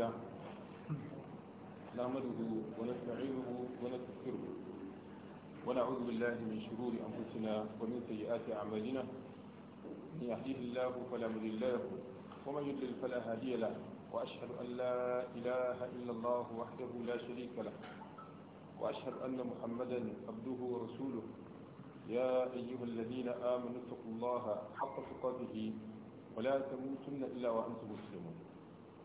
الله نعمده ونستعينه ونستغفره ونعوذ بالله من شرور أنفسنا ومن سيئات أعمالنا من يهديه الله فلا مضل له ومن يضلل فلا هادي له وأشهد أن لا إله إلا الله وحده لا شريك له وأشهد أن محمدا عبده ورسوله يا أيها الذين آمنوا اتقوا الله حق تقاته ولا تموتن إلا وأنتم مسلمون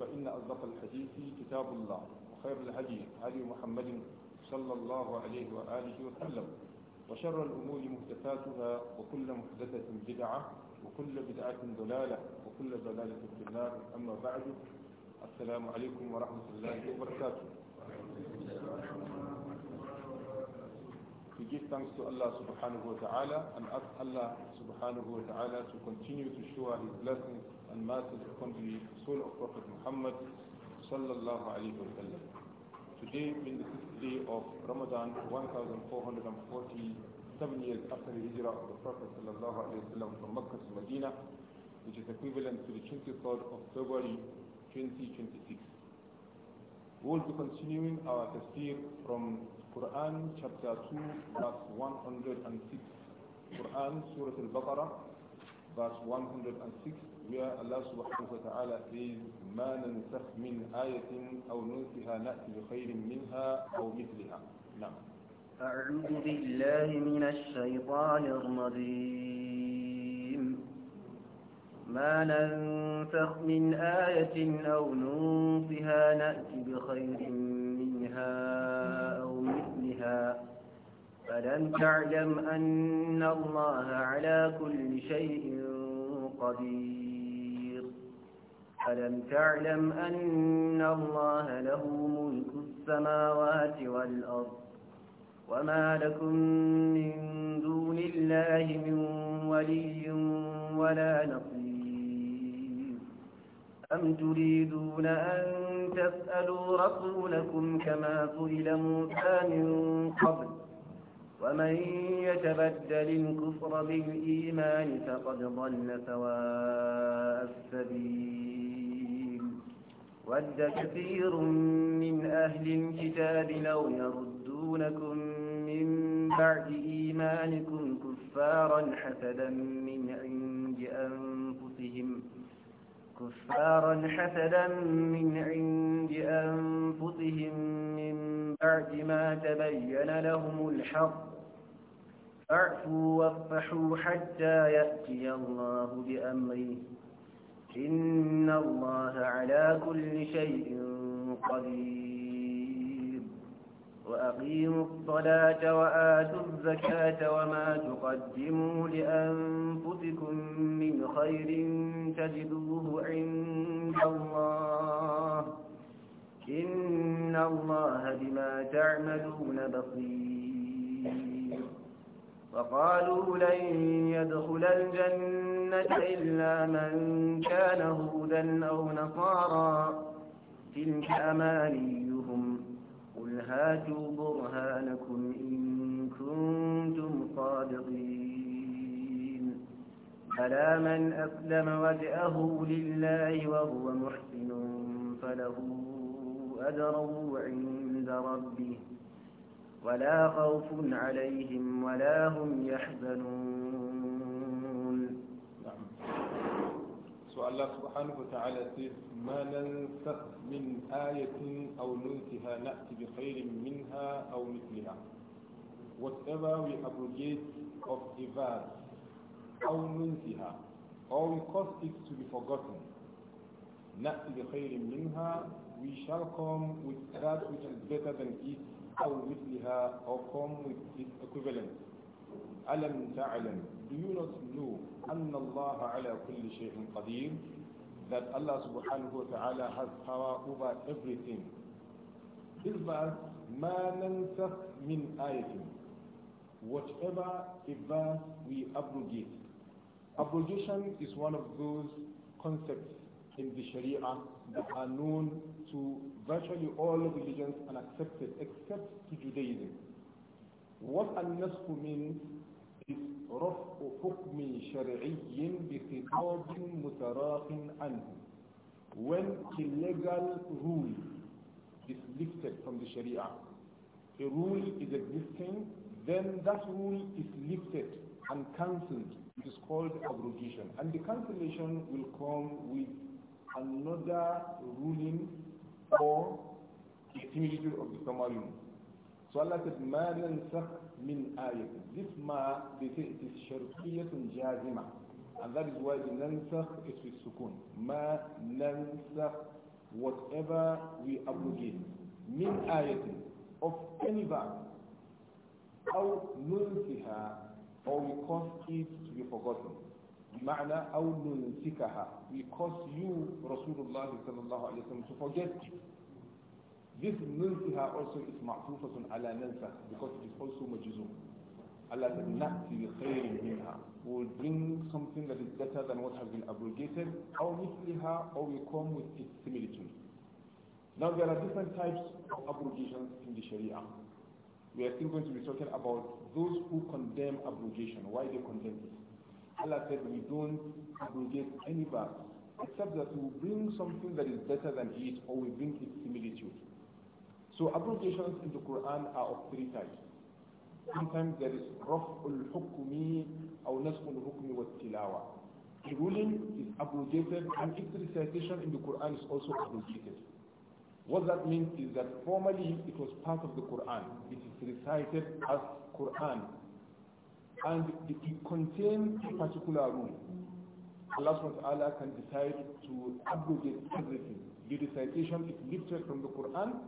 فإن أصدق الحديث كتاب الله وخير الهدي هدي محمد صلى الله عليه وآله وسلم وشر الأمور محدثاتها وكل محدثة بدعة وكل بدعة ضلالة وكل ضلالة في النار أما بعد السلام عليكم ورحمة الله وبركاته We give thanks to Allah subhanahu wa ta'ala and ask Allah subhanahu wa ta'ala to continue to show His blessings and mercy upon the soul of Prophet Muhammad sallallahu alaihi wasallam. Today being the sixth day of Ramadan, 1447 years after the hijrah of the Prophet sallallahu alaihi wasallam from Mecca to Medina, which is equivalent to the 23rd of February 2026. We will be continuing our tafsir from Quran chapter 2 verse 106, Quran Surah Al-Baqarah verse 106 where Allah subhanahu wa ta'ala says ما ننسخ من آية أو ننسها نأتي بخير منها أو مثلها نعم أعوذ بالله من الشيطان الرجيم ما ننسخ من آية أو ننسها نأتي بخير منها أو مثلها ألم تعلم أن الله على كل شيء قدير ألم تعلم أن الله له ملك السماوات والأرض وما لكم من دون الله من ولي ولا نصير أم تريدون أن تسألوا رسولكم كما سئل موسى من قبل ومن يتبدل الكفر بالإيمان فقد ضل سواء السبيل ود كثير من أهل الكتاب لو يردونكم من بعد إيمانكم كفارا حسدا من عند أنفسهم كفارا حسدا من عند أنفسهم من بعد ما تبين لهم الحق أعفوا واصفحوا حتى يأتي الله بأمره إن الله على كل شيء قدير وأقيموا الصلاة وآتوا الزكاة وما تقدموا لأنفسكم من خير تجدوه عند الله إن الله بما تعملون بصير وقالوا لن يدخل الجنة إلا من كان هودا أو نصارا تلك أمانيهم قل هاتوا برهانكم إن كنتم صادقين ألا من أسلم وجهه لله وهو محسن فله أجر عند ربه ولا خوف عليهم ولا هم يحزنون سؤال الله سبحانه وتعالى ما ننسخ من آية أو ننسها نأتي بخير منها أو مثلها whatever we abrogate of a verse أو ننسها or we cause it to be forgotten نأتي بخير منها we shall come with that which is better than it أو مثلها or come with its equivalent ألم تعلم Do you not know أن الله على كل شيء قدير that Allah subhanahu wa ta'ala has power over everything This verse ما ننسخ من آية whatever a we abrogate abrogation is one of those concepts in the Sharia that are known to virtually all religions and accepted except to Judaism. What al-nasq means is رفع حكم شرعي بخطاب متراخ عنه when legal rule is lifted from the Sharia. A rule is existing, then that rule is lifted and cancelled. It is called abrogation. And the cancellation will come with another ruling or the similitude of the former ruling. So Allah said, مَا نَنْسَخْ min ayat." This ma, they say it is شرقية jazima, And that is why the نَنْسَخ is with sukun. مَا نَنْسَخ Whatever we abrogate. min ayat, Of any verse. أَوْ نُنْسِهَا Or we cause it to be forgotten. بمعنى أو ننسكها we cause you Rasulullah الله صلى الله عليه وسلم to forget this ننسها also is معطوفة على ننسى because it is also مجزوم Allah said bi بخير minha, we will bring something that is better than what has been abrogated أو مثلها or we come with its similitude now there are different types of abrogations in the Sharia we are still going to be talking about those who condemn abrogation why they condemn it Allah said we don't abrogate any verse except that we bring something that is better than it or we bring its similitude. So abrogations in the Quran are of three types. Sometimes there is raf'ul hukmi or nasqul hukmi wa tilawa. A ruling is abrogated and its recitation in the Quran is also abrogated. What that means is that formally it was part of the Quran. It is recited as Quran and it contains a particular rule. Allah SWT can decide to abrogate everything. The recitation is lifted from the Quran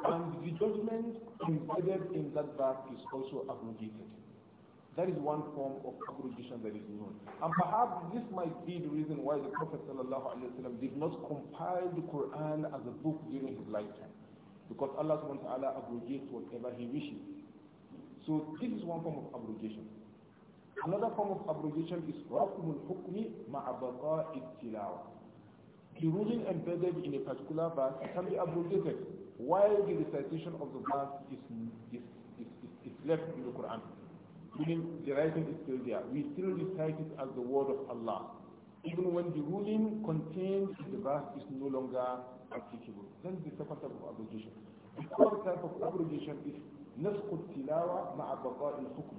and the judgment embedded in that verse is also abrogated. That is one form of abrogation that is known. And perhaps this might be the reason why the Prophet ﷺ did not compile the Quran as a book during his lifetime. Because Allah SWT abrogates whatever he wishes. So this is one form of abrogation. Another form of abrogation is رَفْمُ الْحُكْمِ مَعَ بَقَاءِ The ruling embedded in a particular verse can be abrogated while the recitation of the verse is, is, is, is, left in the Quran. Meaning the writing is still there. We still recite it as the word of Allah. Even when the ruling contained in the verse is no longer applicable. Then the second type of abrogation. The third type of abrogation is نسخ التلاوة مع بقاء الحكم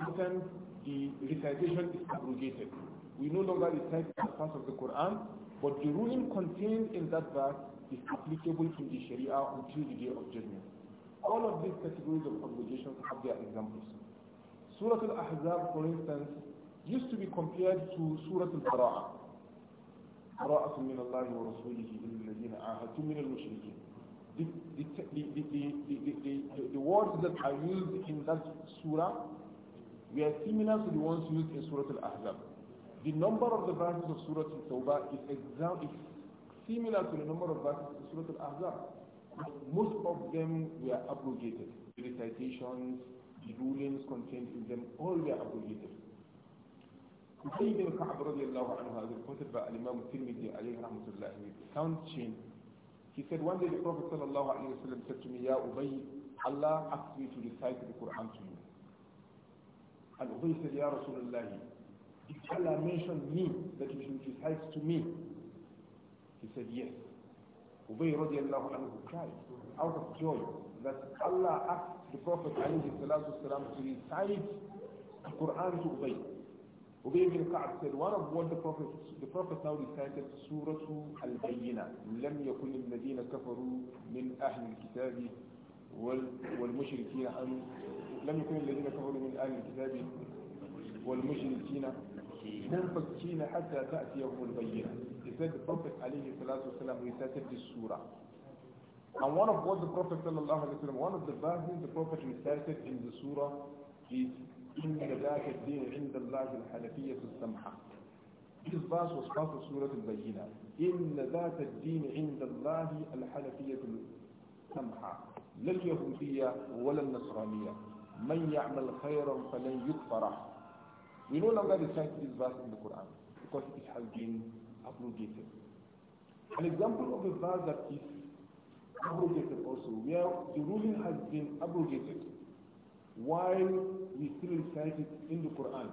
Sometimes the recitation is abrogated. We no longer recite the parts of the Quran, but the ruling contained in that verse is applicable to the Sharia until the day of judgment. All of these categories of obligations have their examples. Surah Al-Ahzab, for instance, used to be compared to Surah Al-Qara'ah. Qara'atun min Allah wa Rasulihi illa alladhina min al the, the, the, the, words that are used in that surah were similar to the ones used in Surah Al-Ahzab. The number of the verses of Surah Al-Tawbah is, is similar to the number of verses of Surah Al-Ahzab. Most of them were abrogated. The recitations, the rulings contained in them, all were abrogated. Usayd Ka'ab radiallahu anhu has reported by Imam Tirmidhi alayhi rahmatullahi he said, one day the Prophet ﷺ said to me, Ya Ubay, Allah asked me to recite the Quran to you. And Ubay said, Ya Rasulullah, did Allah mention me that you should recite to me? He said, yes. Ubay radiallahu anhu cried out of joy that Allah asked the Prophet ﷺ to recite the Quran to Ubay. وبين ابن قعد said one of what the prophet the prophet now recited سورة البينة لم يكن الذين كفروا من أهل الكتاب وال والمشركين أن لم يكن الذين كفروا من أهل الكتاب والمشركين نفكين حتى تأتيهم البينة he said the prophet عليه الصلاة والسلام recited this سورة and one of what the prophet صلى الله عليه وسلم one of the verses the prophet recited in the surah is إن ذاك الدين عند الله الحنفية السمحة This verse was part of Surah Al-Bayyina. إن ذات الدين عند الله الحنفية السمحة لا اليهودية ولا النصرانية من يعمل خيرا فلن يكفره We no longer recite this verse in the Quran because it has been abrogated. An example of a verse that is abrogated also, where the ruling has been abrogated while we still recite it in the Quran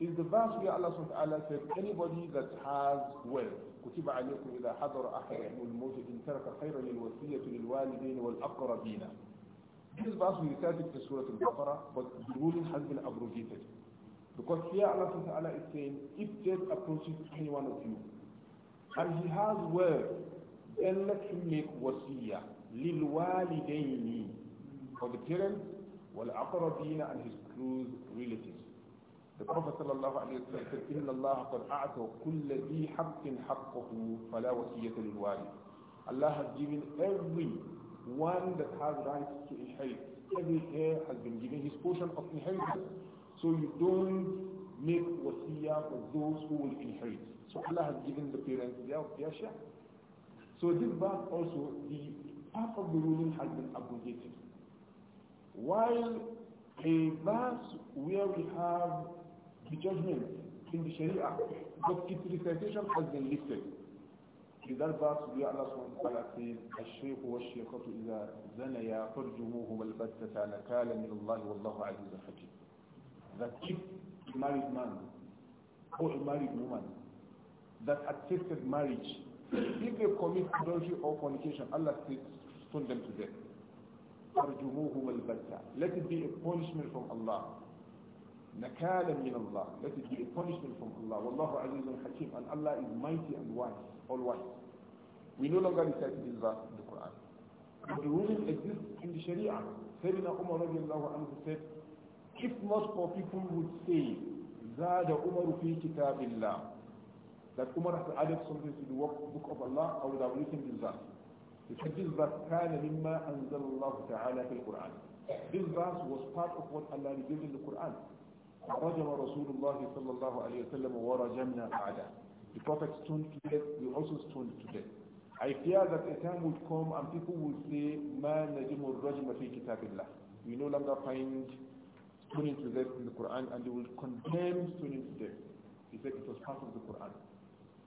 is the verse where Allah subhanahu wa ta'ala said, anybody that has wealth, كتب عليكم إذا حضر أحدكم الموت إن ترك خيرا للوصية للوالدين والأقربين. This verse we recited in Surah Al-Baqarah, but the ruling has been abrogated. Because here Allah subhanahu wa ta'ala is saying, if death approaches any one of you, and he has wealth, then let him make wasiyah, للوالدين, for the parents والأقربين and his close relatives. The Prophet sallallahu alayhi wa sallam said, إِنَّ اللَّهَ قَدْ أَعْتَوْ كُلَّ ذِي حَقٍّ حَقَّهُ فَلَا لِلْوَالِدِ Allah has given every one that has rights to inherit. Every heir has been given his portion of inheritance. So you don't make wasiyah for those who will inherit. So Allah has given the parents their, share. So this verse also, the part of the ruling has been abrogated. While a verse where we have the judgment in the Sharia, but its recitation has been listed. In that verse where Allah subhanahu wa ta'ala says, الشيخ والشيخة إذا زنيا فرجموهما البتة نكالا من الله والله عزيز حكيم. That if a married man or a married woman that accepted marriage, if they commit adultery or fornication, Allah says, stone them to death. ترجموه والبتة let it be a punishment from Allah نكالا من الله let it be a punishment from Allah والله عزيز حكيم and Allah is mighty and wise all wise we no longer recite this verse in the Quran but the ruling exists in the Sharia سيدنا عمر رضي الله عنه said if not for people would say زاد عمر في كتاب الله that Umar has added something to the book of Allah I would have written this verse this verse, This verse was part of what Allah revealed in the Quran. رَجَمَ رَسُولُ اللَّهِ صَلَّى اللَّهُ عَلَيْهِ وَسَلَّمَ وَرَجَمْنَا بَعْدَهُ The Prophet stoned to death, we also stoned to death. I fear that a time will come and people will say, مَا نَجِمُ الرَّجْمَ فِي كِتَابِ اللَّهِ We no longer find stoning to death in the Quran and they will condemn stoning to death. He said it was part of the Quran.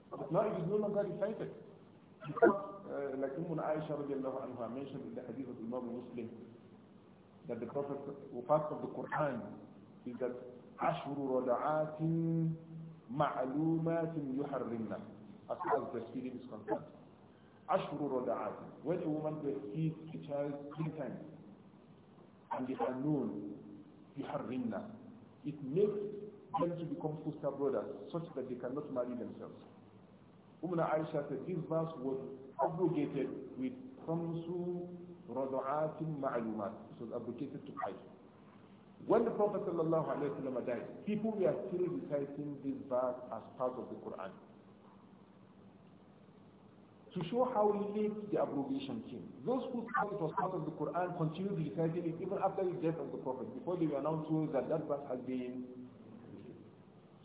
But now it is no longer recited like Umm Aisha radiallahu anha mentioned in the hadith of Imam Muslim that the Prophet, part of the Quran is that أشهر رضعات معلومات يحرمنا as far as breastfeeding is concerned. أشهر رضعات when a woman breastfeeds a child three times and they are known يحرمنا it makes them to become foster brothers such that they cannot marry themselves. Umm Aisha said this verse was abrogated with خمسو رضعات معلومات. It was abrogated to Aisha. When the Prophet ﷺ died, people were still reciting this verse as part of the Quran. To show how late the abrogation came. Those who thought it was part of the Quran continued reciting it even after the death of the Prophet, before they were announced that that verse had been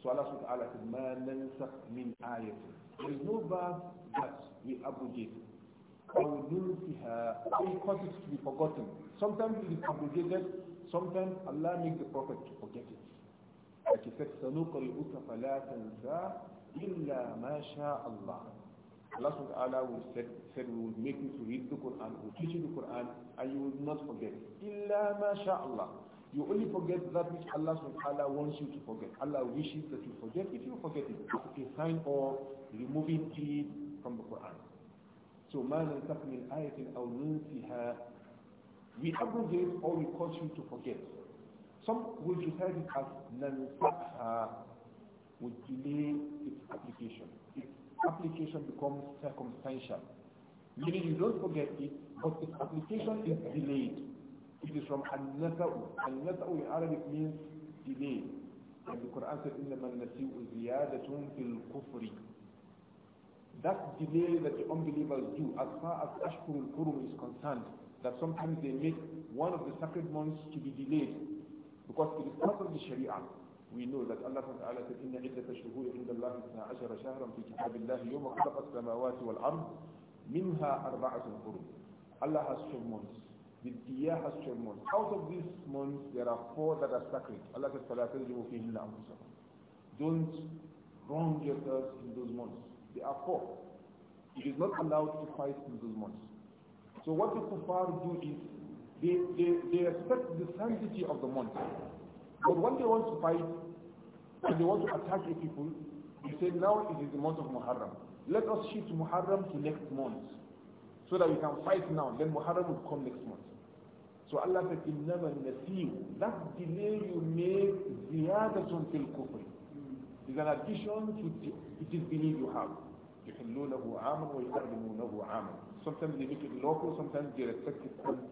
So Allah subhanahu wa ta'ala says, min ayatin. There is no verse that we abrogate. Or we cause it to be forgotten. Sometimes it is abrogated, sometimes Allah makes the Prophet to forget it. Like he said, سَنُقْرِئُكَ فَلَا تَنْسَى إِلَّا مَا شَاءَ اللَّهُ Allah subhanahu wa ta'ala said, said, we will make you to read the Quran, we will teach you the Quran, and you will not forget. إِلَّا مَا شَاءَ اللَّهُ You only forget that which Allah subhanahu wants you to forget. Allah wishes that you forget if you forget it. It's a sign of removing it from the Quran. So man ننسخ من آية أو ننسها we abrogate or we cause you to forget. Some will decide it as nansakha delay its application. Its application becomes circumstantial. Meaning you don't forget it, but its application is delayed. It is from An-Nasa'u. An-Nasa'u in Arabic means delay. And the Quran said, إِنَّمَا النَّسِيءُ زِيَادَةٌ فِي الْكُفْرِ That delay that the unbelievers do, as far as Ashkur al-Qurum is concerned, that sometimes they make one of the sacred months to be delayed, because it is part of the Sharia. We know that Allah Ta'ala said, إِنَّ عِدَّةَ شُهُورِ عِنْدَ اللَّهِ إِثْنَا عَشَرَ شَهْرًا فِي كِتَابِ اللَّهِ يَوْمَ خَلَقَ السَّمَاوَاتِ وَالْأَرْضِ مِنْهَا أَرْبَعَةٌ حُرُمٌ Allah has 12 months. The year has 12 months. Out of these months, there are four that are sacred. Allah says, Don't wrong yourselves in those months. There are four. It is not allowed to fight in those months. So what the kuffar do is, they, they, they respect the sanctity of the month. But when they want to fight, and they want to attack a people, they say, now it is the month of Muharram. Let us shift Muharram to next month so that we can fight now. Then Muharram will come next month. So Allah said, إِنَّمَا النَّسِيُّ That delay you make زِيَادَةٌ فِي الْكُفْرِ is an addition to the, it is belief you have. يُحِلُّونَهُ عَامًا وَيُحَرِّمُونَهُ عَامًا Sometimes they make it local, sometimes they respect it country.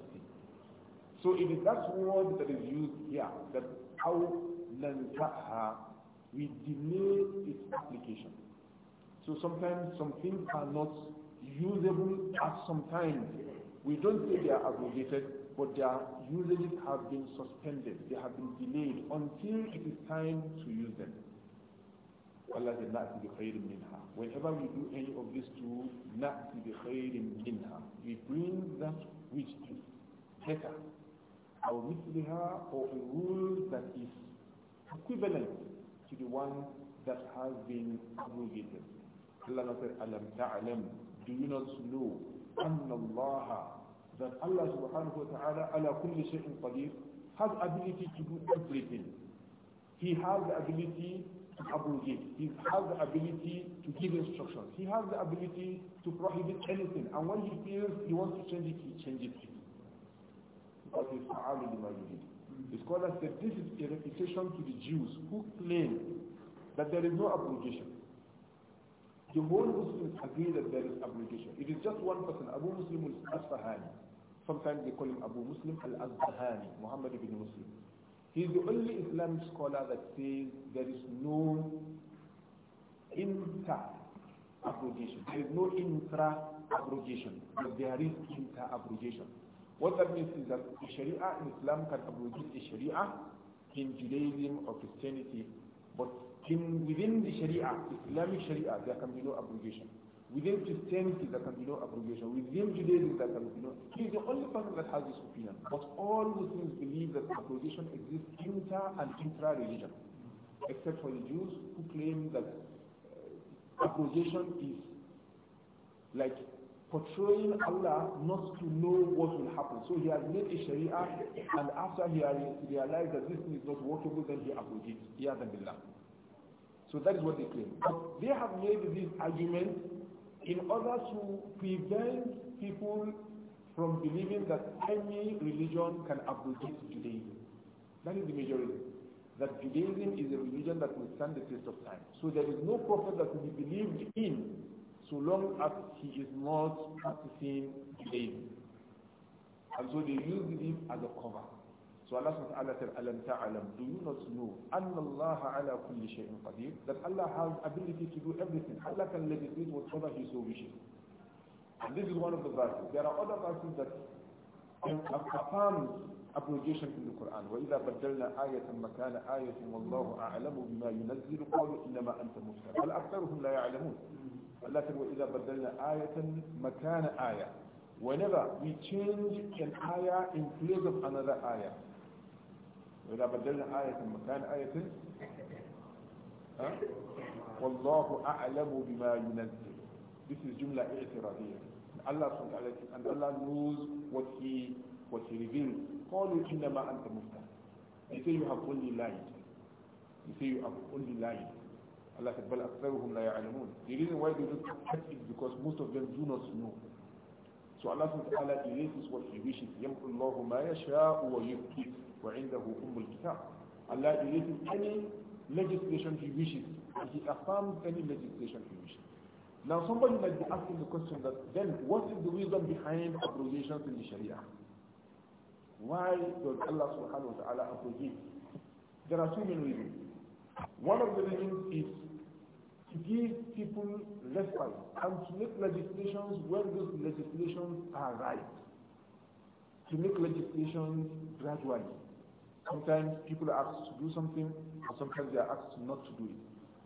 So it is that word that is used here, that how نَنْتَأْهَا We delay its application. So sometimes some things are not usable at some time. We don't say they are abrogated, but their usage have been suspended. They have been delayed until it is time to use them. Allah said, Whenever we do any of these two, bi khayrim minha. We bring that which is better. أو مثلها or a rule that is equivalent to the one that has been abrogated. Allah said, do you not know Allah that Allah subhanahu wa ta'ala ala kulli shay'in qadir has ability to do everything. He has the ability to abrogate. He has the ability to give instructions. He has the ability to prohibit anything. And when he feels he wants to change it, he changes it. But it's the scholar said this is a refutation to the Jews who claim that there is no abrogation. The whole Muslims agree that there is abnegation. It is just one person, Abu Muslim al-Asfahani. Sometimes they call him Abu Muslim al-Asfahani, Muhammad ibn Muslim. He is the only Islamic scholar that says there is no inter-abrogation. There is no intra-abrogation, but there is inter-abrogation. What that means is that Sharia in Islam can abrogate Sharia in Judaism or Christianity, but in within the Sharia, Islamic Sharia, there can be no abrogation. Within Christianity, there can be no abrogation. Within Judaism, there can be no. He is the only person that has this opinion. But all Muslims believe that abrogation exists inter and intra-religion, except for the Jews who claim that uh, abrogation is like portraying Allah not to know what will happen. So he has made a Sharia, and after he realized that this is not workable, then he abrogates. He has a billah. So that is what they claim. But they have made this argument in order to prevent people from believing that any religion can abrogate Judaism. That is the major reason. That Judaism is a religion that will stand the test of time. So there is no prophet that will be believed in so long as he is not practicing Judaism. And so they use this as a cover. So Allah subhanahu said, Alam ta'alam, do you not know, Anna Allah ala kulli shay'in qadir, that Allah has ability to do everything. Allah can let it legislate whatever He so wishes. And this is one of the verses. There are other verses that affirm abrogation in the Quran. wa وَإِذَا بَدَّلْنَا آيَةً مَكَانَ آيَةٍ وَاللَّهُ أَعْلَمُ بِمَا يُنَزِّلُ قَالُوا إِنَّمَا anta مُفْتَرٍ بل أكثرهم la يعلمون. Allah said, wa idha بَدَّلْنَا ayatan makana آيَةٍ Whenever we change an ayah in place of another ayah, وإذا بدلنا آية مكان آية والله أعلم بما ينزل This is جملة اعتراضية الله subhanahu wa and Allah knows what he what he reveals. قالوا إنما أنت مفتح You say you have only lied. You say you have only lied. Allah said, بل أكثرهم لا يعلمون. The reason why they don't accept it because most of them do not know. So Allah subhanahu wa ta'ala erases what he wishes. يمحو الله ما يشاء ويكفي. وعنده أم الكتاب Allah releases any legislation he wishes and he affirms any legislation he wishes. Now somebody might be asking the question that then what is the reason behind abrogations in the Sharia? Why does Allah subhanahu wa ta'ala abrogate? There are two main reasons. One of the reasons is to give people respite and to make legislations where those legislations are right. To make legislations gradually Sometimes people are asked to do something, or sometimes they are asked not to do it.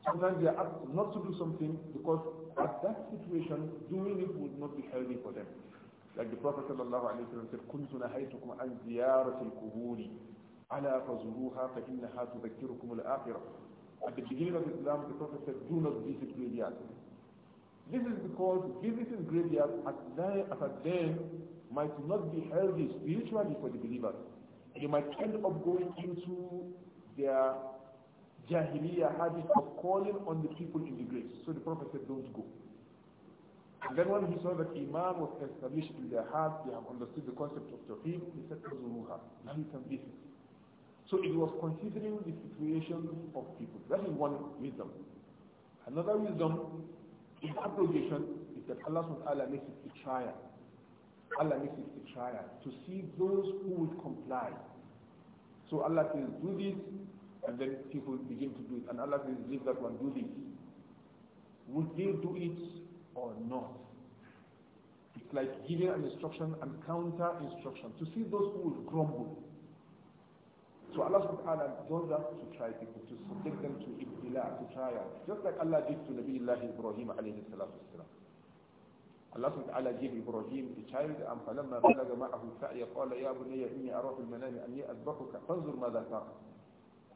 Sometimes they are asked not to do something because at that situation, doing it would not be healthy for them. Like the Prophet said, كُنْتُ نَهَيْتُكُمْ عَنْ زِيَارَةِ الْقُبُورِ أَلَا فَزُرُوهَا فَإِنَّهَا تُذَكِّرُكُمُ الْآخِرَةِ At the beginning of Islam, the Prophet said, do not visit graveyards. This is because visiting graveyards at, at a day might not be healthy spiritually for the believers you might end up going into their jahiliyyah habit of calling on the people in the graves. So the Prophet said, don't go. And then when he saw that Iman was established in their heart, they have understood the concept of Tawheed, he said, Zuruha, now you can So it was considering the situation of people. That is one wisdom. Another wisdom in abrogation is that Allah subhanahu makes it a trial. Allah makes it a trial to see those who would comply so Allah says, do this, and then people begin to do it. And Allah says, leave that one, do this. will they do it or not? It's like giving an instruction and counter instruction to see those who will grumble. So Allah subhanahu wa ta'ala does that to try people, to subject them to ibtila, to trial. Just like Allah did to Nabi Ibrahim alayhi salatu wasalam. الله سبحانه وتعالى gave Ibrahim a child فلما بلغ معه السعي قال يا بني إني أرى في المنام أني أذبحك فانظر ماذا ترى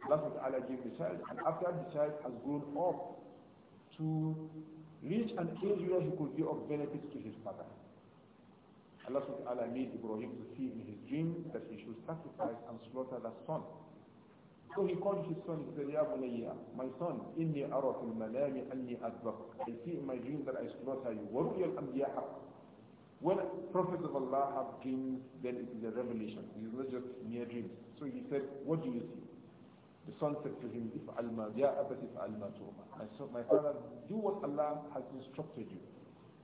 Allah subhanahu wa ta'ala gave the child and after the child has grown up to reach an age where he could be of benefit to his father. Allah subhanahu wa made Ibrahim to see in his dream that he should sacrifice and slaughter that son So he called his son he said, Ya Bunayya, my son, inni ara fil manami anni adbak. I see in my dream that I slaughter you. Wa ru'ya al-anbiya When prophets of Allah have dreams, then it is a revelation. It is not just mere dreams. So he said, what do you see? The son said to him, if alma, ya abat if alma tu'ma. My son, my father, do what Allah has instructed you.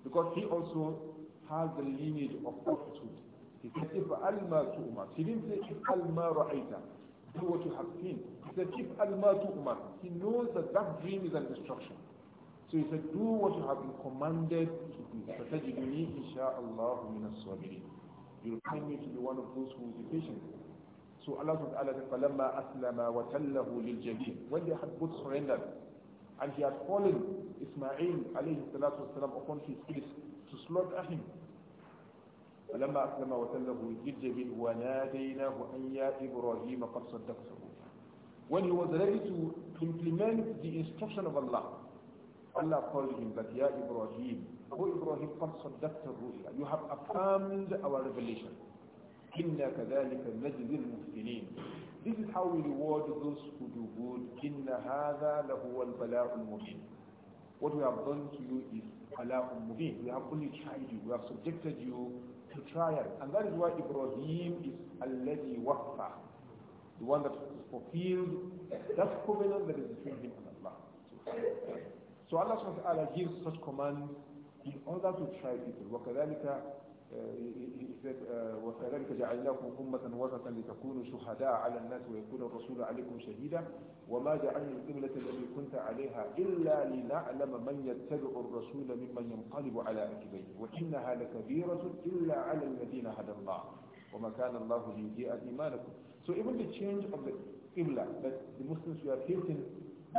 Because he also has the lineage of prophethood. He said, if alma tu'ma. He didn't say, if alma ra'ita do what you have seen. He said, if al-matu umar, he knows that that dream is a destruction. So he said, do what you have been commanded to do. فَتَجِدُنِي إِنْشَاءَ min as-sabirin. You'll find me to be one of those who will be patient. So Allah subhanahu wa ta'ala said, أَسْلَمَ وَتَلَّهُ لِلْجَبِينَ When they had both surrendered, and he had fallen, Ismail alayhi salatu wasalam, upon his face to slaughter him, فلما أسلم وتله من وناديناه أن يا إبراهيم قد صدقته when he was ready to implement the instruction of Allah Allah called him that يا إبراهيم O إبراهيم قد صدقت الرؤيا you have affirmed our revelation إنا كذلك نجزي المحسنين This is how we reward those who do good إن هذا لهو البلاء المبين What we have done to you is بلاء مبين We have only tried you We have subjected you to trial. And that is why Ibrahim is alladhi wafa, the one that fulfilled that covenant that is between him and Allah. So Allah subhanahu wa ta'ala gives such commands in order to try people. وَكَذَلِكَ وكذلك جعلناكم أمة وسطا لتكونوا شهداء على الناس ويكون الرسول عليكم شهيدا وما جعلنا القبلة التي كنت عليها إلا لنعلم من يتبع الرسول ممن ينقلب على عقبيه وإنها لكبيرة إلا على الذين هدى الله وما كان الله ليضيع إيمانكم So even the change of the Qibla that the Muslims were facing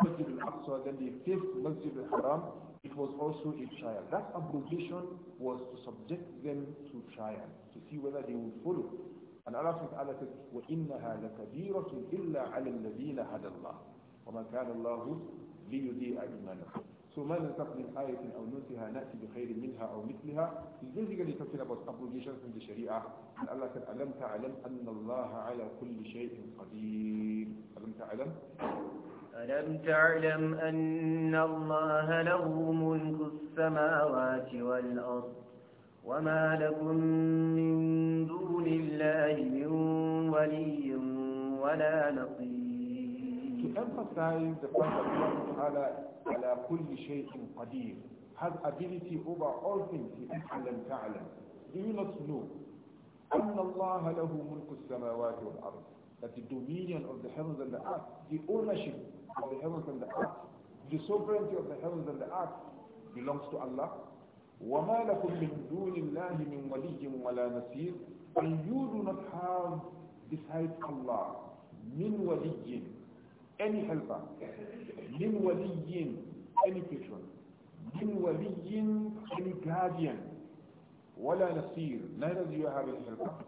Masjid al-Aqsa, then they faced Masjid al-Haram, it was also a trial. That abrogation was to subject them to trial, to see whether they would follow. And Allah says, Allah says, وَإِنَّهَا لَكَبِيرَةٌ إِلَّا عَلَى الَّذِينَ هَدَى اللَّهِ وَمَا كَانَ اللَّهُ لِيُضِيعَ إِيمَانَكُمْ So ما نلتقي من آية أو ننسها نأتي بخير منها أو مثلها is basically talking about obligations in the Sharia. And Allah said, أَلَمْ تَعْلَمْ أَنَّ اللَّهَ عَلَى كُلِّ شَيْءٍ قَدِيرٍ أَلَمْ تَعْلَمْ ألم تعلم أن الله له ملك السماوات والأرض وما لكم من دون الله من ولي ولا نصير He the fact that Allah على كل شيء قدير has ability over all things he says ألم تعلم do you not know أن الله له ملك السماوات والأرض that the dominion of the heavens and the earth, the ownership of the heavens and the earth, the sovereignty of the heavens and the earth belongs to Allah. وَمَا لَكُمْ مِن دُونِ اللَّهِ مِن وَلِيٍّ وَلَا نَصِيرٍ And you do not have besides Allah, min waliyin, any helper, min waliyin, any patron, min waliyin, any guardian, wala nasir, neither do you have any helper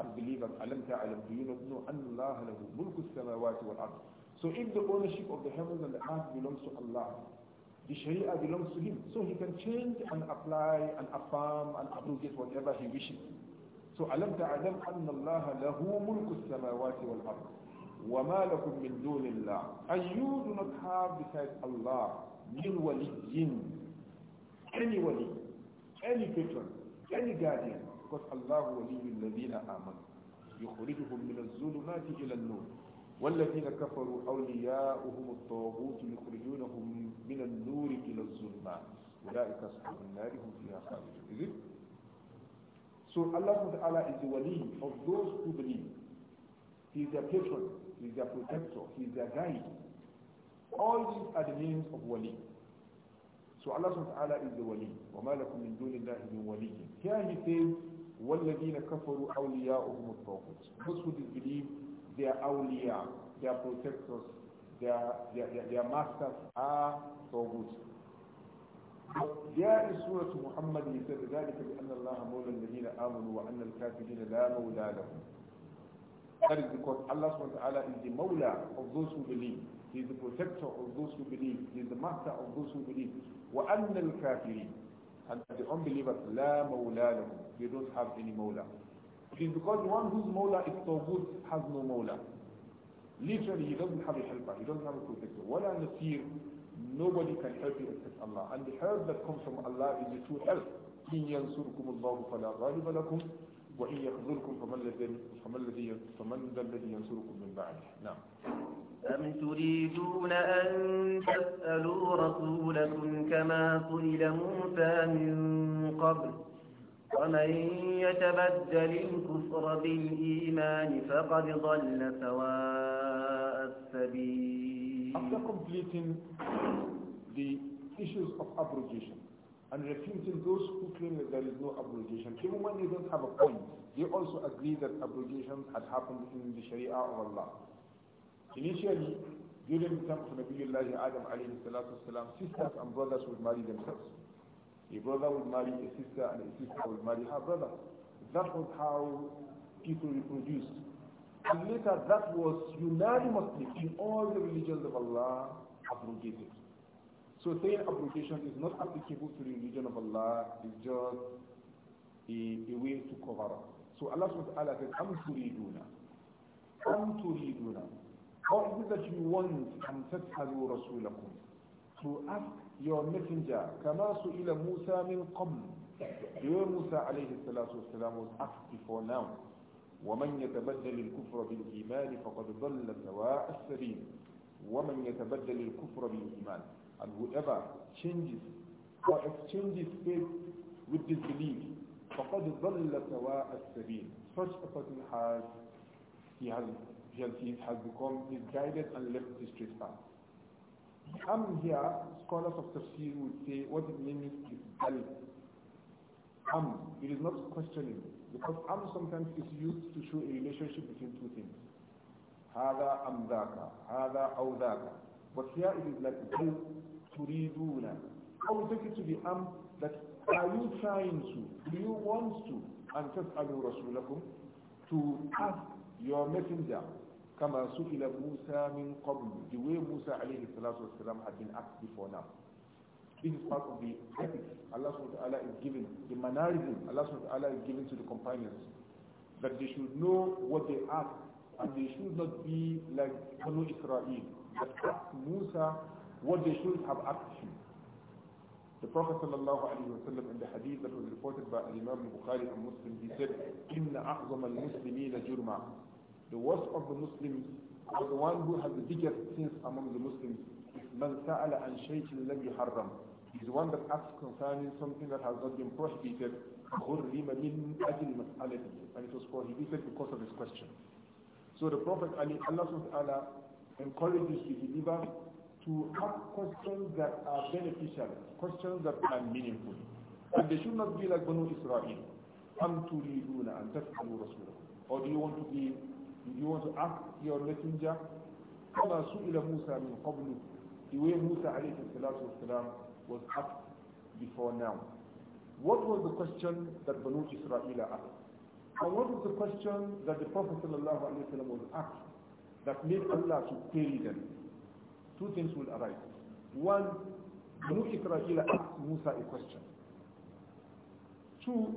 unbelievers, alam ta'alam, do you not know, Allah lahu mulku samawati wal ard. So if the ownership of the heavens and the earth belongs to Allah, the Sharia belongs to him. So he can change and apply and affirm and abrogate whatever he wishes. So alam ta'alam anna Allah lahu mulku samawati wal ard. وَمَا لَكُمْ مِنْ دُونِ اللَّهِ And you do not have besides Allah min waliyin, any wali, any patron, any guardian, فقد الله ولي الذين آمنوا يخرجهم من الظلمات إلى النور والذين كفروا أولياؤهم الطاغوت يخرجونهم من النور إلى الظلمات أولئك أصحاب النار هم فيها خالدون So Allah Ta'ala is the wali of those who believe. He is their patron, He is their protector, He is their guide. All these are the names of wali. So Allah Ta'ala is the wali. وَمَا لَكُمْ مِن دُونِ اللَّهِ مِن وَلِيٍّ Here he says, والذين كفروا أولياؤهم الطاغوت those who disbelieve their awliya their protectors their, their, their, masters are طاغوت جاء سورة محمد يسر ذلك بأن الله مولى الذين آمنوا وأن الكافرين لا مولى لهم That is because Allah ta'ala is the Mawla of those who believe. He is the protector of those who believe. He is the master of those who believe. وَأَنَّ الْكَافِرِينَ And the unbelievers, la mawla lahum. They don't have any mawla. It is because the one whose mawla is so good has no mawla. Literally, he doesn't have a helper. He doesn't have a protector. Wala nasir. Nobody can help you except Allah. And the help that comes from Allah is the true help. إن ينصركم الله فلا غالب لكم وإن يخذلكم فمن الذي ينصركم من بعده نعم أم تريدون أن تسألوا رسولكم كما سئل موسى من قبل ومن يتبدل الكفر بالإيمان فقد ضل سواء السبيل After completing the issues of abrogation and refuting those who claim that there is no abrogation, even when they don't have a point, they also agree that abrogation had happened in the Sharia of Allah. Initially, during the time of Nabiullah Adam alayhi salatu wasalam, sisters and brothers would marry themselves. A brother would marry a sister and a sister would marry her brother. That was how people reproduced. And later that was unanimously in all the religions of Allah abrogated. So saying abrogation is not applicable to the religion of Allah, it's just a, a way to cover up. So Allah subhanahu wa ta'ala says, Am turiduna. Am turiduna. What is it that you want? رسولكم To ask your messenger كما سئل موسى من قبل Your Musa عليه الصلاة والسلام was asked before now ومن يتبدل الكفر بالإيمان فقد ضل سواء السبيل ومن يتبدل الكفر بالإيمان and whoever changes or exchanges faith with disbelief فقد ضل سواء السبيل such a person has he has he has become misguided and left the straight path. Am here, scholars of tafsir would say what it means is valid. Am, it is not questioning, because am sometimes is used to show a relationship between two things. هذا am ذاك هذا أو ذاك but here it is like بل turiduna I would take it to the am that are you trying to do you want to and تسألوا rasulakum to ask your messenger كما سئل موسى من قبل the موسى عليه الصلاة والسلام had been asked before now this is part of the ethics Allah subhanahu is giving the mannerism Allah subhanahu is giving to the companions that they should know what they ask and they should not be like Banu Israel that asked Musa what they should have asked him The Prophet sallallahu alayhi wa sallam in the hadith that was reported by Imam Bukhari and Muslim, he said, إِنَّ أَعْظَمَ الْمُسْلِمِينَ جُرْمًا The worst of the Muslims or the one who has the biggest sins among the Muslims is man sa'ala an shay'in lam yuharram. He's one that asks concerning something that has not been prohibited. غُرِّمَ مِنْ أَجْلِ مَسْأَلَتِهِ And it was prohibited because of his question. So the Prophet Ali, Allah subhanahu encourages the believers to ask questions that are beneficial, questions that are meaningful. And they should not be like Banu Israel. أَمْ تُرِيدُونَ أَنْ تَسْأَلُوا رَسُولَهُ Or do you want to be you want to ask your messenger, كما سئل موسى من قبل The way Musa عليه الصلاة والسلام was asked before now. What was the question that Banu Israel asked? And what was the question that the Prophet sallallahu alayhi wasalam was asked that made Allah to query them? Two things will arise. One, Banu Israel asked Musa a question. Two,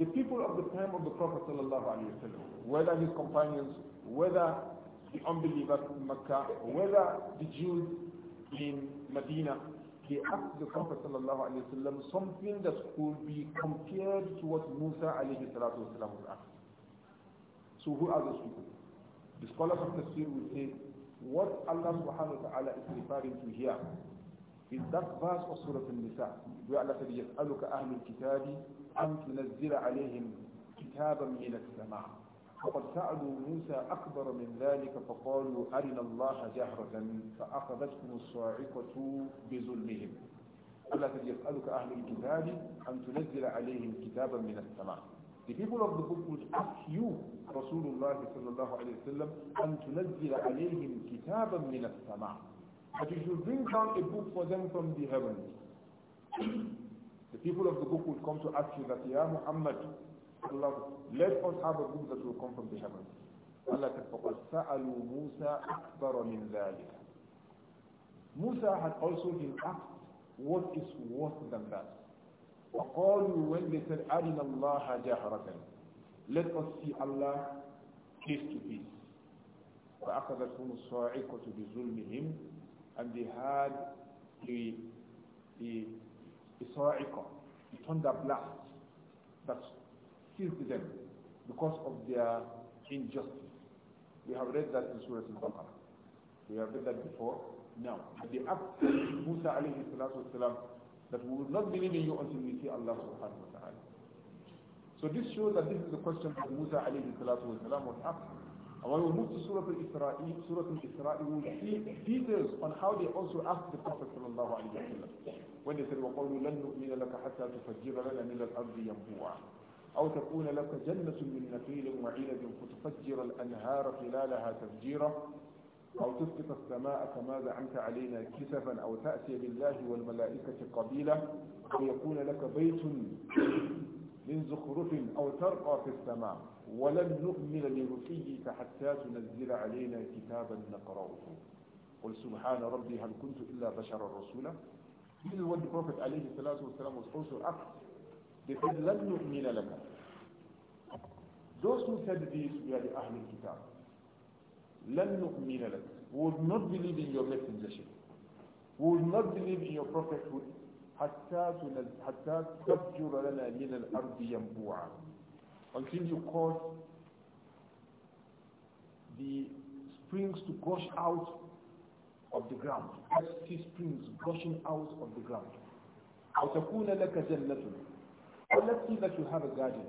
the people of the time of the Prophet ﷺ, whether his companions, whether the unbelievers in Mecca, whether the Jews in Medina, they asked the Prophet ﷺ something that could be compared to what Musa والسلام, was asked. So who are those people? The scholars of Tafsir will say, what Allah subhanahu wa ta'ala is referring to here is that verse of Surah Al-Nisa, where Allah said, يَسْأَلُكَ أَهْلُ الْكِتَابِ أن تنزل عليهم كتابا من السماء فقد سألوا موسى أكبر من ذلك فقالوا أرنا الله جهرة فأخذتهم الصاعقة بظلمهم ألا يسألك أهل الكتاب أن تنزل عليهم كتابا من السماء The people of the book would ask you, Rasulullah sallallahu alayhi wa sallam, أن تنزل عليهم كتابا من السماء. But you should bring down a book for them from the heavens. The people of the book will come to ask you that, Ya Muhammad, Allah, let us have a book that will come from the heavens. Allah said, فَقَدْ سَأَلُوا مُوسَى أَكْبَرَ مِنْ ذَلِكَ Musa had also been asked what is worse than that. وقالوا when they said أرنا الله جهرة let us see Allah face to face فأخذتهم الصاعقة بظلمهم and they had the, the a thunder blast that seized them because of their injustice. We have read that in Surah Al-Baqarah. We have read that before. Now, the act Musa alayhi salatu wasalam, that we will not believe in you until we see Allah subhanahu wa ta'ala. So this shows that this is the question that Musa alayhi salatu wasalam was asked. And when we move to Surah al israi Surah al israi we will see details on how they also asked the Prophet sallallahu alaihi wasallam when they said, وَقَوْلُوا لَنْ نُؤْمِنَ لَكَ حَتَّى تُفَجِّرَ لَنَا مِنَ الْأَرْضِ يَنْبُوعًا أو تكون لك جنة من نخيل وعنب فتفجر الأنهار خلالها تفجيرا أو تسقط السماء كما زعمت علينا كسفا أو تأتي بالله والملائكة قبيلا أو يكون لك بيت من زخرف أو ترقى في السماء ولن نؤمن لرسيك حتى تنزل علينا كتابا نقرأه قل سبحان ربي هل كنت إلا بشرا رسولا This is what the Prophet عليه الصلاة والسلام was also asked. They said, لن نؤمن لك. Those who said this were the Ahlul Kitab. لن نؤمن لك. We would not believe in your messengership. We would not believe in your prophethood. حتى تنزل حتى تفجر لنا من الأرض ينبوعا. until you cause the springs to gush out of the ground. Let's see springs gushing out of the ground. let's see that you have a garden.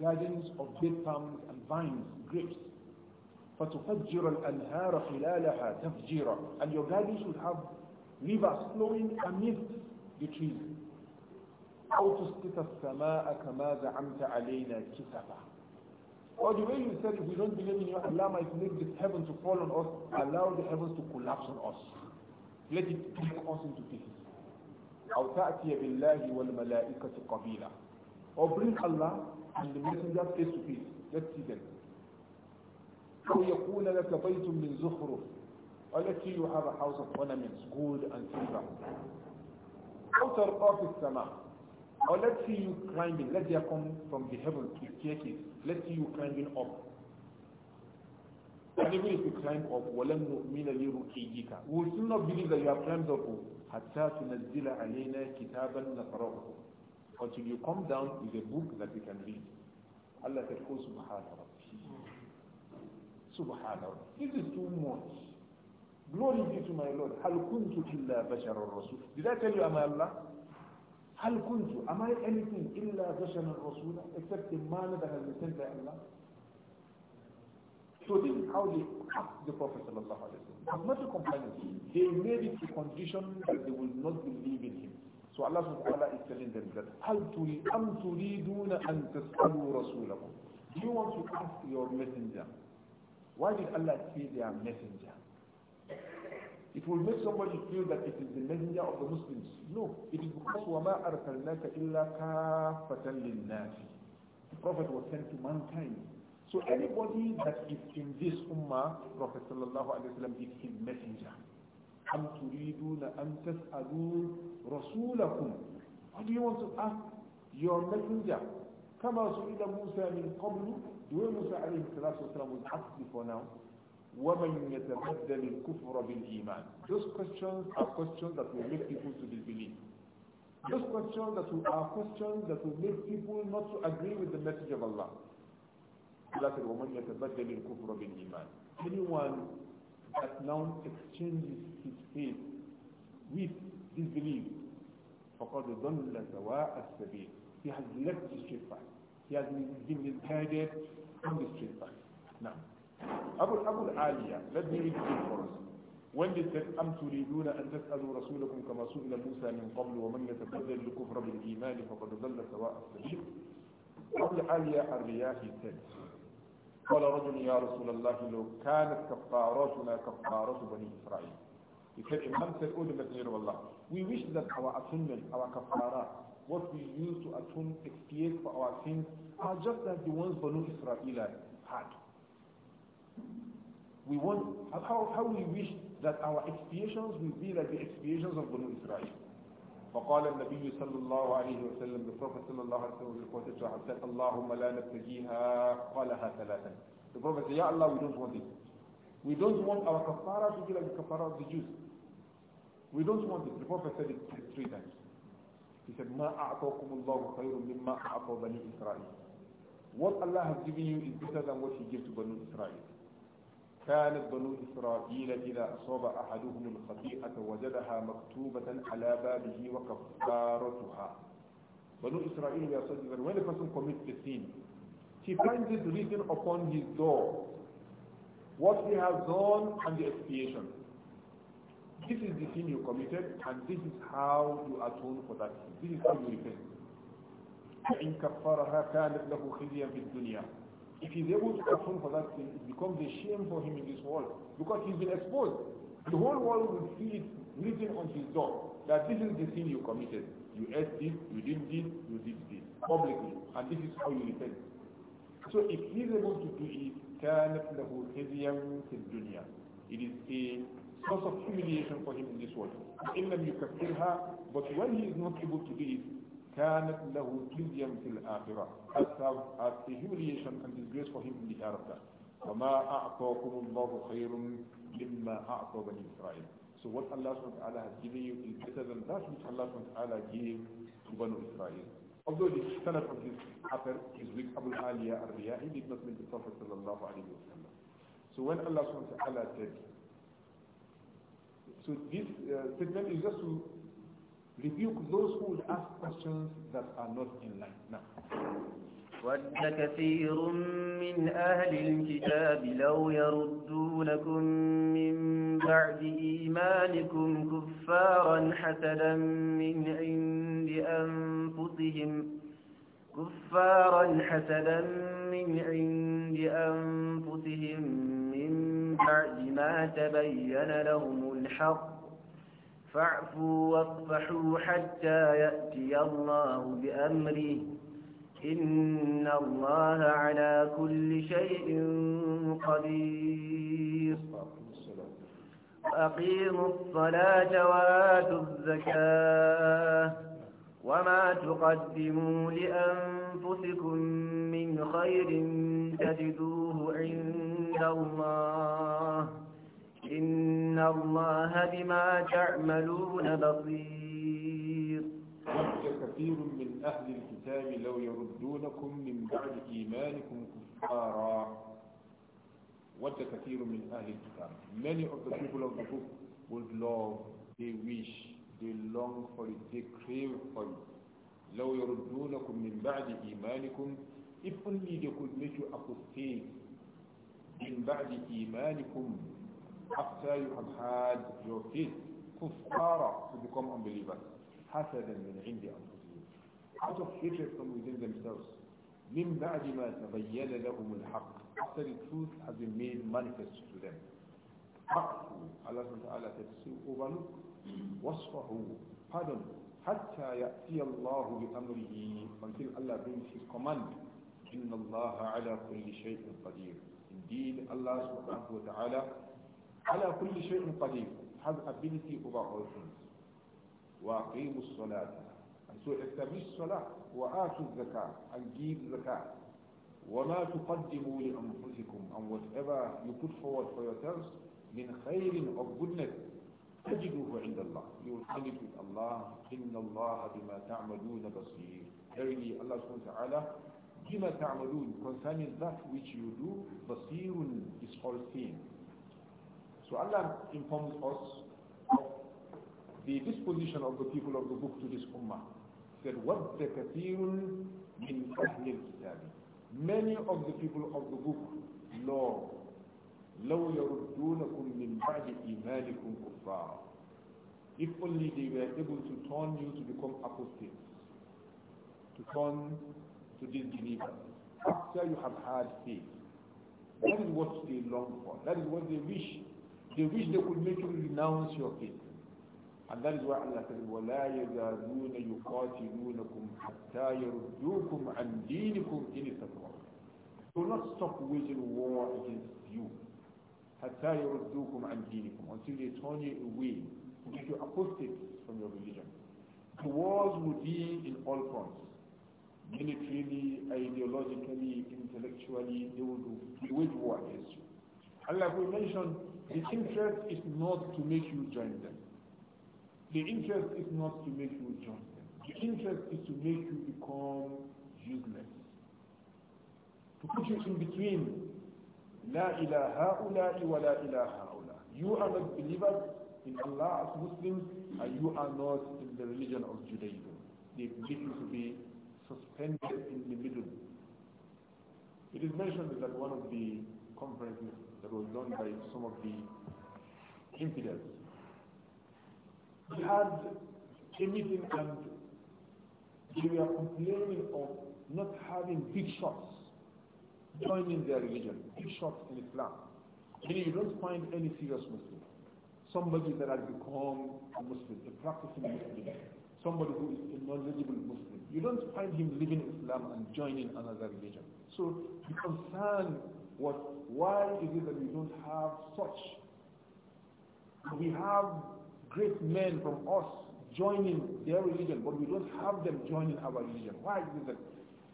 Gardens of date palms and vines, grapes. فتفجر الأنهار خلالها تفجيرا And your garden should have rivers flowing amidst the trees. أو تسقط السماء كما زعمت علينا كسفا Or the way you said, if we don't believe in you, Allah might make the heaven to fall on us, allow the heavens to collapse on us. Let it break us into pieces. أو تأتي بالله والملائكة قبيلة Or bring Allah and the messenger face to face. Let's see them. أو يكون لك بيت من زخرف. Or let's see you have a house of ornaments, gold and silver. أو ترقى في السماء. Or let's see you climbing. Let there come from the heaven to the staircase. Let's see you climbing up. And even if you climb up, وَلَمْ نُؤْمِنَ لِرُقِيِّكَ We will still not believe that you have climbed up. Oh. حَتَّى تُنَزِّلَ عَلَيْنَا كِتَابًا نَقْرَأُهُ Until you come down with a book that you can read. Allah said, Oh, subhanallah. Subhanahu. This is too much. Glory be to my Lord. هَلْ كُنْتُ إِلَّا بَشَرًا رَسُولًا Did I tell you i Allah? هل كنت am I anything إلا بشر الرسول except a man that has been sent by Allah so this is how they ask the Prophet sallallahu alaihi wasallam not to complain they made it to condition that they will not believe in him so Allah subhanahu wa ta'ala is telling them that هل تري أم تريدون أن تسألوا رسولكم do you want to ask your messenger why did Allah say their messenger It will make somebody feel that it is the messenger of the Muslims. No, it is because وَمَا أَرْسَلْنَاكَ إِلَّا كَافَةً لِلنَّاسِ The Prophet was sent to mankind. So anybody that is in this ummah, Prophet sallallahu alaihi wasallam, is his messenger. أَمْ تُرِيدُونَ أَمْ تَسْأَلُوا rasulakum. What do you want to ask your messenger? كَمَا سُئِلَ مُوسَى مِنْ قَبْلُ The way Musa alayhi salatu was asked before now, وَمَنْ يَتَبَدَّلِ الْكُفْرَ بِالْإِيمَانِ Those questions are questions that will make people to disbelieve. Those questions that will, are questions that will make people not to agree with the message of Allah. Allah said, وَمَنْ يَتَبَدَّلِ الْكُفْرَ بِالْإِيمَنِ Anyone that now exchanges his faith with disbelief, فَقَدْ ضَلَّ سَوَاءَ السَّبِيلِ He has left the straight path. He has been misguided from the straight path. Now, abul abul aliya let me read it for us when they said am turiduna an tas'alu rasulakum kama su'ila musa min qabl wa man yatabaddal al bil iman faqad dhalla sawa'a sabil abul aliya ar-riyahi قال رجل يا رسول الله لو كانت كفارتنا كفارة بني إسرائيل He said, Imam said, Oh, the Messenger of Allah, we wish that our atonement, our kafara, what we use to atone, expiate for our sins, are just like the ones Banu Israel had. We want, how, how we wish that our expiations will be like the expiations of Banu Israel. فقال النبي صلى الله عليه وسلم the Prophet صلى الله عليه وسلم reported to himself اللهم لا نبتغيها قالها ثلاثا the Prophet said Ya Allah we don't want it we don't want our kafara to be like the kafara of the Jews we don't want it the Prophet said it three times he said ما أعطوكم الله خير مما أعطى بني إسرائيل what Allah has given you is better than what he gave to Banu Israel كانت بنو إسرائيل إذا أصاب أحدهم الخطيئة وجدها مكتوبة على بابه وكفارتها بنو إسرائيل صديقا when a person commits a sin he finds it written upon his door what he has done and the expiation this is the sin you committed and this is how you atone for that sin this is how you repent فإن كفرها كانت له خزيا في الدنيا If he's able to atone for that sin, it becomes a shame for him in this world because he's been exposed. The whole world will see it written on his door that this is the sin you committed. You ate this, you did this, you did this publicly, and this is how you repent. So if he's able to do it, كانت له خزيا في It is a source of humiliation for him in this world. but when he is not able to do it, كانت له خزيا في الآخرة as a humiliation and disgrace for him in the hereafter وما أعطاكم الله خير مما أعطى بني إسرائيل So what Allah subhanahu wa ta'ala has given you is better than that which Allah subhanahu wa ta'ala gave to Banu Israel. Although the sanad of this affair is with Abu Aliyah al did not mean the Prophet sallallahu alayhi wa sallam. So when Allah subhanahu wa ta'ala said, so this uh, statement is just to rebuke those who would ask questions that are not in line. Now. ود كثير من أهل الكتاب لو يردونكم من بعد إيمانكم كفارا حسدا من عند أنفسهم كفارا حسدا من عند أنفسهم من بعد ما تبين لهم الحق فاعفوا واصفحوا حتى يأتي الله بأمره إن الله على كل شيء قدير أقيموا الصلاة وآتوا الزكاة وما تقدموا لأنفسكم من خير تجدوه عند الله إن الله بما تعملون بصير ود كثير من أهل الكتاب لو يردونكم من بعد إيمانكم كفارا ود كثير من أهل الكتاب many of the people of the book would love they wish they long for it they crave for it لو يردونكم من بعد إيمانكم if only they could make you apostate من بعد إيمانكم after you have had your kids, kuffara, to become unbelievers. حَسَدًا than عِنْدِ أَنْفُسِهِمْ Out of hatred from within themselves. مِنْ بَعْدِ مَا تَبَيَّنَ لَهُمُ الْحَقِّ After the truth has been made manifest to them. فَعْفُوا Allah subhanahu wa ta'ala said, so overlook, وَصْفَهُ Pardon, حَتَّى يَأْتِيَ اللَّهُ بِأَمْرِهِ Until Allah brings His command. Indeed, Allah subhanahu wa ta'ala على كل شيء قدير has ability over all things وأقيموا الصلاة and so establish صلاة وآتوا الزكاة and give زكاة وما تقدموا لأنفسكم and whatever you put forward for yourselves من خير of goodness تجدوه عند الله you will find it with Allah إن الله بما تعملون بصير verily Allah subhanahu wa ta'ala بما تعملون concerning that which you do بصير is all seeing So Allah informs us of the disposition of the people of the book to this ummah. He said, وَدَّ كَثِيرٌ مِنْ أَهْلِ الْكِتَابِ Many of the people of the book love لو يردونكم من بعد إيمانكم كفارا If only they were able to turn you to become apostates, to turn to disbelievers, after you have had faith. That is what they long for. That is what they wish they wish they could make you renounce your faith. And that is why Allah says, وَلَا يَزَالُونَ يُقَاتِلُونَكُمْ حَتَّى يَرُدُّوكُمْ عَنْ دِينِكُمْ إِنِ استطاعوا. Do not stop waging war against you. حَتَّى يَرُدُّوكُمْ عَنْ دِينِكُمْ Until they turn you away, get you apostates from your religion. The wars will be in all fronts. Militarily, ideologically, intellectually, they will do wage war against you. And like we the interest is not to make you join them. The interest is not to make you join them. The interest is to make you become useless. To put you in between. لا إله ula ولا إله ilaha ula. You are not believers in Allah as Muslims and you are not in the religion of Judaism. They need you to be suspended in the middle. It is mentioned that one of the conferences that was done by some of the infidels. They had a meeting and they were complaining of not having big shots joining their religion, big shots in Islam. Meaning you don't find any serious Muslim. Somebody that has become a Muslim, a practicing Muslim, somebody who is a knowledgeable Muslim. You don't find him living Islam and joining another religion. So the concern what, why is it that we don't have such? We have great men from us joining their religion, but we don't have them joining our religion. Why is it that?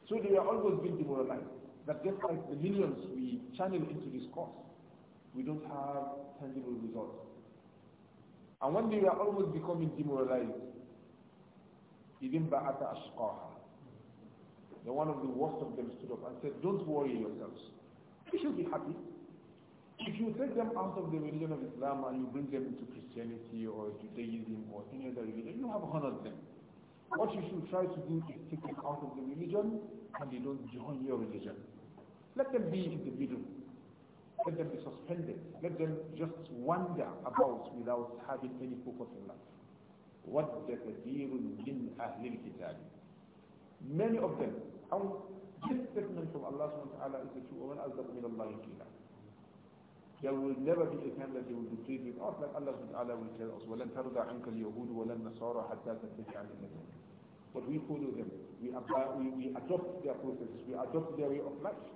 So they are always being demoralized. That just like the millions we channel into this cause, we don't have tangible results. And when they are always becoming demoralized, even Ba'ata Ashqaha, the one of the worst of them stood up and said, don't worry yourselves. You should be happy. If you take them out of the religion of Islam and you bring them into Christianity or Judaism or any other religion, you have honored them. What you should try to do is take them out of the religion and they don't join your religion. Let them be in the middle. Let them be suspended. Let them just wander about without having any focus in life. What the كثير من أهل Kitab? Many of them, how This statement from Allah subhanahu wa ta'ala is the true one as min Allah There will never be a time that you will be pleased with us like Allah subhanahu wa ta'ala will tell us, وَلَنْ تَرْضَى عَنْكَ الْيَهُودُ وَلَنْ نَصَارَى حَتَّى تَتَّبِعَ مِلَّتَهُم But we follow them. We, apply, we, we adopt their processes. We adopt their way of life.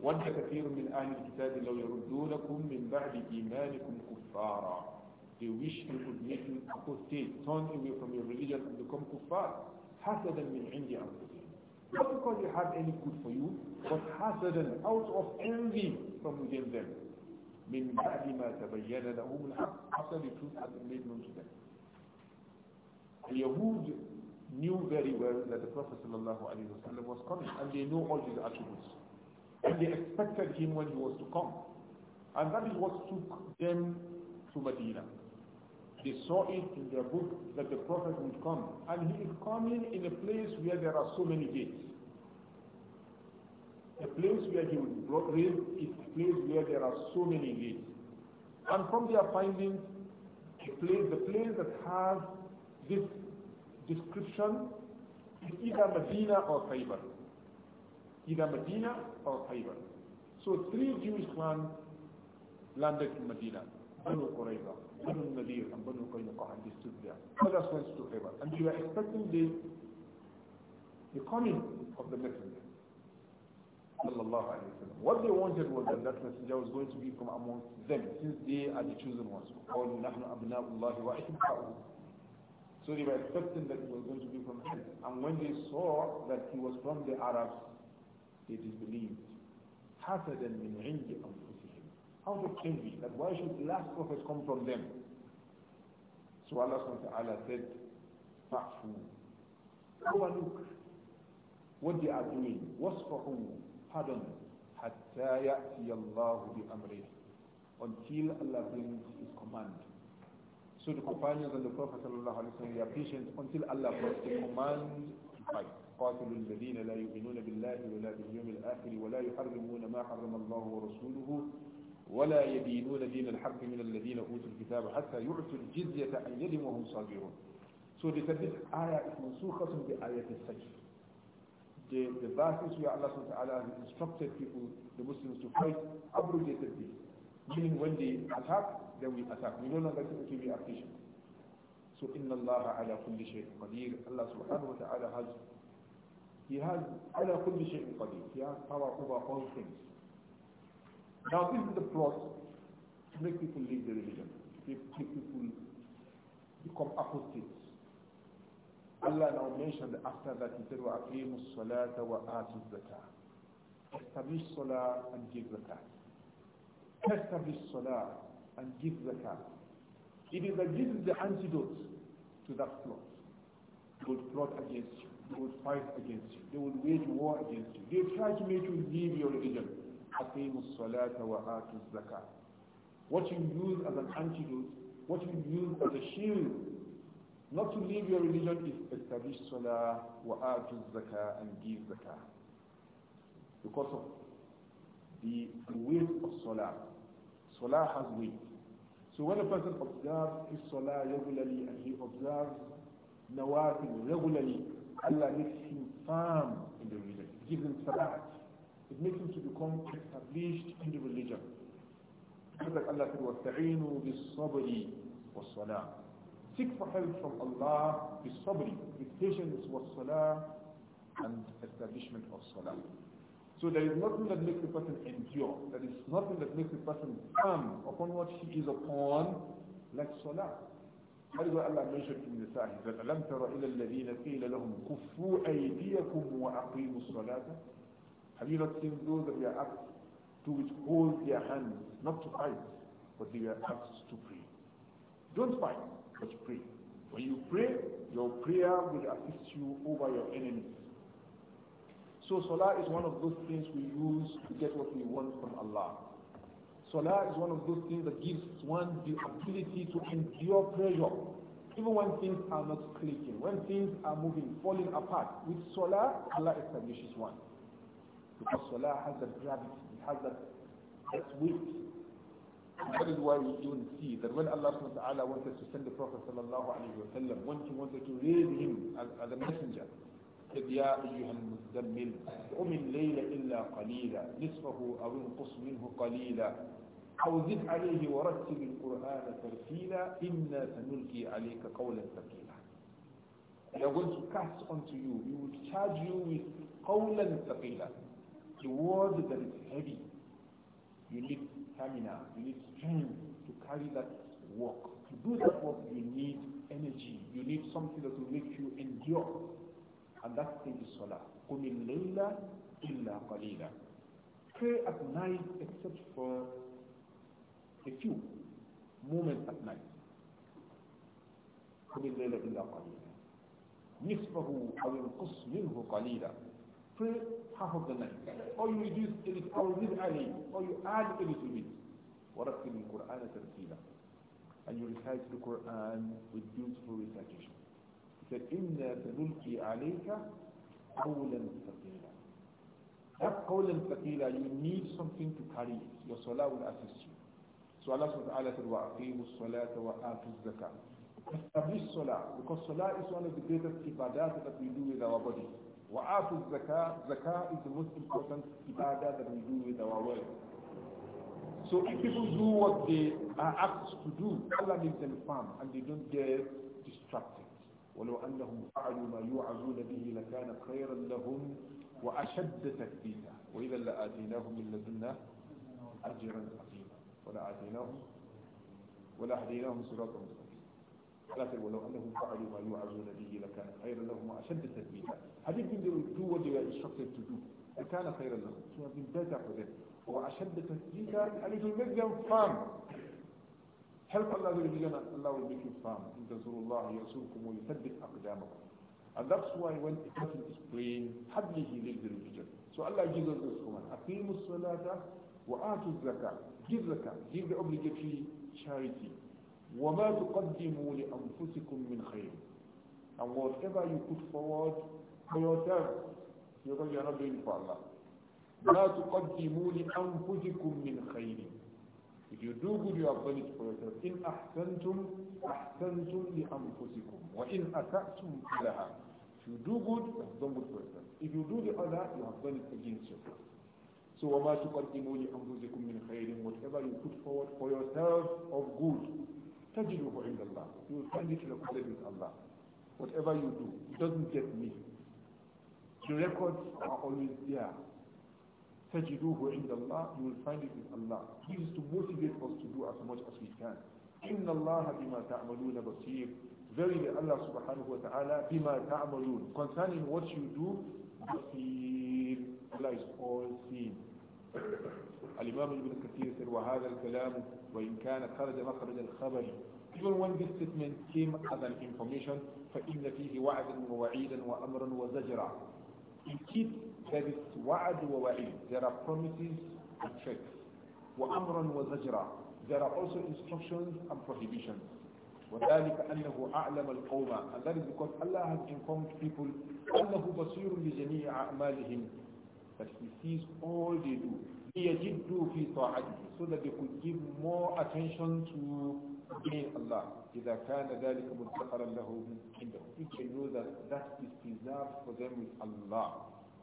وَدَّ كَثِيرٌ مِنْ أَهْلِ الْكِتَابِ لَوْ يَرُدُّونَكُم مِّن بَعْدِ إِيمَانِكُمْ كُفَّارًا they wish they could make you apostate, turn away from your religion and become kuffar, حَسَدًا مِنْ عِنْدِ أَنفُسِهِمْ Not because he had any good for you, but hasadan, out of envy from within them. من بعد ما تبين لهم الحق after the truth has been made known to them. The Yahud knew very well that the Prophet ﷺ was coming and they know all his attributes. And they expected him when he was to come. And that is what took them to Medina. They saw it in their book that the Prophet would come. And he is coming in a place where there are so many gates. A place where he would raise is a place where there are so many gates. And from their findings, the place, the place that has this description is either Medina or Khaybar. Either Medina or Khaybar. So three Jewish clans landed in Medina, Banu Qurayza. Banu Nadir and Banu and they stood there. Others went to Khaybar, and they were expecting the, the coming of the messenger. What they wanted was that that messenger was going to be from amongst them, since they are the chosen ones. So they were expecting that he was going to be from them. And when they saw that he was from the Arabs, they disbelieved. من عند how Out change envy, that why should the last prophet come from them? So Allah SWT said, Fa'fu. look. what they are doing. Wasfahu. Pardon. Hatta ya'ti Allahu bi amri. Until Allah brings His command. So the companions and the Prophet they are patient until Allah brings the command to fight. قاتلوا الذين لا يؤمنون بالله ولا باليوم الآخر ولا يحرمون ما حرم الله ورسوله ولا يدينون دين الحق من الذين أوتوا الكتاب حتى يعطوا الجزية عن يد وهم صاغرون So they said this ayah is mansukha بآية the The, the verses where Allah SWT has instructed people, the Muslims to fight, abrogatively. Meaning when they attack, then we attack. We no longer say, okay, we are patient. So inna Allah ala kulli shaykh qadir. Allah subhanahu wa ta'ala has, he has ala kulli shaykh qadir. He has power over all things. Now this is the plot to make people leave the religion, to make people become apostates. Allah now mentioned after that he said, وَأَقِيمُ الصَّلَاةَ وَآتُ الزَّكَاةَ Establish salah and give zakat. Establish salah and give zakat. It is that this is the antidote to that plot. They will plot against you. They will fight against you. They will wage war against you. They will try to make you leave your religion. What you use as an antidote, what you use as a shield, not to leave your religion is establish salah wa atu zakah and give zakah. Because of the weight of salah. Salah has weight. So when a person observes his salah regularly and he observes nawafil regularly, Allah makes him firm in the religion, gives him salah. It makes him to become established in the religion. Just like Allah said, وَاسْتَعِينُوا بِالصَّبْرِ وَالصَّلَاةِ Seek for help from Allah بِالصَّبْرِ with patience والصلاة and establishment of salah. So there is nothing that makes a person endure. There is nothing that makes a person firm upon what he is upon like salah. That is what Allah mentioned in the Sahih that أَلَمْ تَرَ إِلَى الَّذِينَ قِيلَ لَهُمْ كُفُّوا أَيْدِيَكُمْ وَأَقِيمُوا الصَّلَاةَ have you not seen those that were asked to withhold their hands, not to fight, but they were asked to pray? Don't fight, but pray. When you pray, your prayer will assist you over your enemies. So Salah is one of those things we use to get what we want from Allah. Salah is one of those things that gives one the ability to endure pressure. Even when things are not clicking, when things are moving, falling apart, with Salah, Allah establishes one. Because Salah has that gravity, has that, that weight. And that is why we even see that when Allah subhanahu wanted to send the Prophet sallallahu alayhi wa sallam, when he wanted to raise him as, as a messenger, said, يا أيها المزمل قم الليل إلا قليلا نصفه أو انقص منه قليلا أو زد عليه ورتل القرآن ترتيلا إنا سنلقي عليك قولا ثقيلا We are going to cast onto you, we will charge you with قولا ثقيلا a word that is heavy, you need stamina, you need strength to carry that work. To do that work, you need energy, you need something that will make you endure. And that thing is salah. قُمِ اللَّيْلَ إِلَّا Pray at night except for a few moments at night. قُمِ أَوْ يَنْقُصْ مِنْهُ قَلِيلًا pray half of the night. Or you reduce or read Ali, or you add a little bit. وَرَتِّلِ الْقُرْآنَ And you recite the Quran with beautiful recitation. He said, إِنَّا سَنُلْقِي عَلَيْكَ قَوْلًا ثَقِيلًا That قَوْلًا ثَقِيلًا, you need something to carry Your salah will assist you. So Allah subhanahu wa ta'ala said, وَأَقِيمُوا الصَّلَاةَ وَآتُوا الزَّكَاةَ Establish salah, because salah is one of the greatest ibadah that we do with our body. وآتوا الزكاة. زكاة is the most important عبادة that we do with our world. So if people do what they are asked to do, Allah makes them firm and they don't get distracted. ولو أنهم فعلوا ما يوعظون به لكان خيرا لهم وأشد تثبيتا وإذا لآتيناهم من لدنا أجرا عظيما ولا آتيناهم ولا هديناهم صراطا مستقيما قاتل ولو انهم فعلوا ما يوعظون به لكان خيرا لهم واشد تثبيتا هذه بين تو وجه الشخص التدو لكان خيرا لهم شو من دافع وذلك واشد تثبيتا عليه المجد فام حلف الله يرجينا الله يرجيك فام ان تنصروا الله ينصركم ويثبت اقدامكم And that's why when a person is praying, hardly he leaves the religion. So Allah gives us this command. Aqimus salata wa atu zakah. Give zakah. Give the obligatory charity. وما تقدموا لأنفسكم من خير and whatever you put forward for yourself because you are not doing for Allah لا تقدموا لأنفسكم من خير If you do good, you have done it for yourself. إن أحسنتم أحسنتم لأنفسكم وإن أسأتم لها If you do good, you have done good for yourself. If you do the other, you have done it against yourself. So وما تقدموا لأنفسكم من خير Whatever you put forward for yourself of good, tajiduhu indallah. You will find it recorded with Allah. Whatever you do, it doesn't get me. The records are always there. Tajiduhu indallah. You will find it with Allah. He is to motivate us to do as much as we can. Inna Allah bima ta'amaluna basir. Verily Allah subhanahu wa ta'ala bima ta'amalun. Concerning what you do, basir. Allah is all seeing. الإمام ابن كثير وهذا الكلام وإن كان خرج مخرج الخبر even when this statement came as an information فإن فيه وعدا ووعيدا وأمرا وزجرا in it there is وعد ووعيد there are promises and threats وأمرا وزجرا there are also instructions and prohibitions وذلك أنه أعلم القوم and that is because Allah has informed people أنه بصير لجميع أعمالهم that he sees all they do ليجدوا في طاعته so that they could give more attention to obeying Allah إذا كان ذلك مدخرا له عنده if they know that that is preserved for them with Allah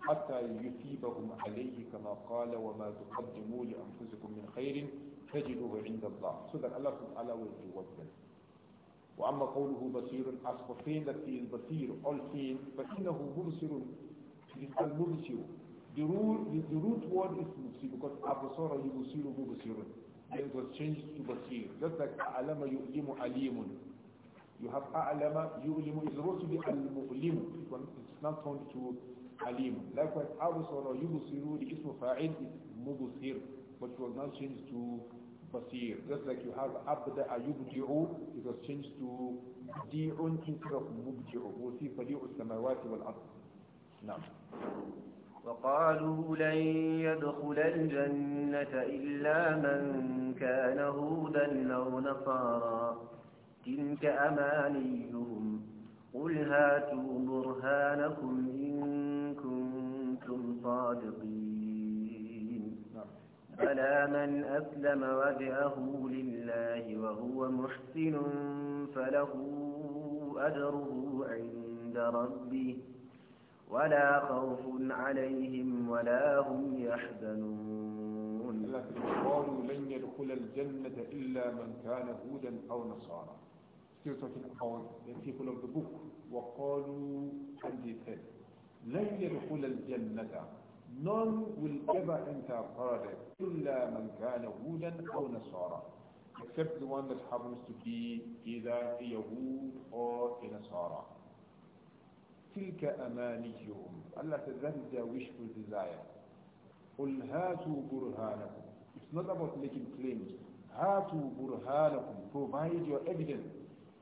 حتى يثيبهم عليه كما قال وما تقدموا لأنفسكم من خير تجدوه عند الله so that Allah subhanahu will reward them وأما قوله بصير as for saying that he is بصير all seeing فإنه مبصر he is al The, rule, the, the root word is Musir because Abasara yusiru Basirun. And it was changed to Basir. Just like A'lama Yu'limu Alimun. You have A'lama Yu'limu is supposed to be Al-Mu'limu. It's not turned to "alim." Likewise, Abasara Yubusiru, the Ismu Fa'id is Mubusir. But it was not changed to Basir. Just like you have Abda Ayubdi'u, it was changed to Di'un instead of Mubdi'u. We'll see Fadi'u Samawati wal-Ard. Now. وقالوا لن يدخل الجنة إلا من كان هودا أو نصارا تلك أمانيهم قل هاتوا برهانكم إن كنتم صادقين فلا من أسلم وجهه لله وهو محسن فله أجره عند ربه ولا خوف عليهم ولا هم يحزنون لكن قالوا لن يدخل الجنة إلا من كان هودا أو نصارى سورة الأعراف التي في وقالوا and they said لن يدخل الجنة none will ever enter paradise إلا من كان هودا أو نصارى except the one that happens to be either a Yahud or a Nasara. تلك أمانيهم الله says that is their wishful desire. Ulhatu burhanakum. It's not about making claims. هاتوا برهانكم Provide your evidence.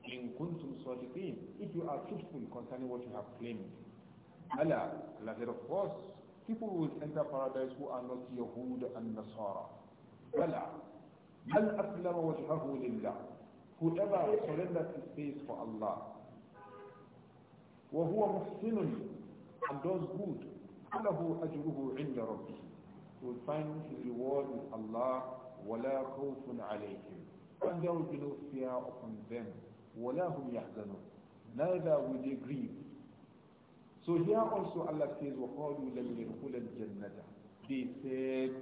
إن كنتم صادقين If you are truthful concerning what you have claimed. ألا لا said, of course, people will enter paradise who are not يهود and Nasara. Allah, man aslama wajhahu lillah. Whoever surrenders his face for Allah, وهو محسن and does good فله أجره عند ربه will find his reward with Allah ولا خوف عليهم and there will be no fear upon them ولا هم يحزنون neither will they grieve so here also Allah says وقالوا لن يدخل الجنة they said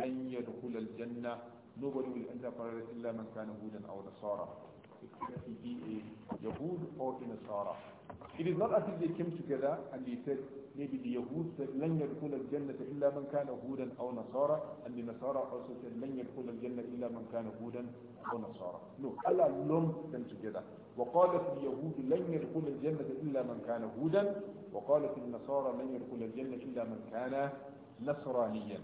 لن يدخل الجنة nobody will enter paradise إلا من كان هودا أو نصارى except he be a Yahud or a Nasara It is not as if they came together and they said, maybe the Yahud said, لَنْ يَدْخُلَ الْجَنَّةَ إِلَّا مَنْ كَانَ هُودًا أَوْ نَصَارَى And the Nasara also said, لَنْ يَدْخُلَ الْجَنَّةَ إِلَّا مَنْ كَانَ هُودًا أَوْ نَصَارَى No, Allah lumped them together. وقالت اليهود لن يدخل الجنة إلا من كان هودا وقالت النصارى لن يدخل الجنة إلا من كان نصرانيا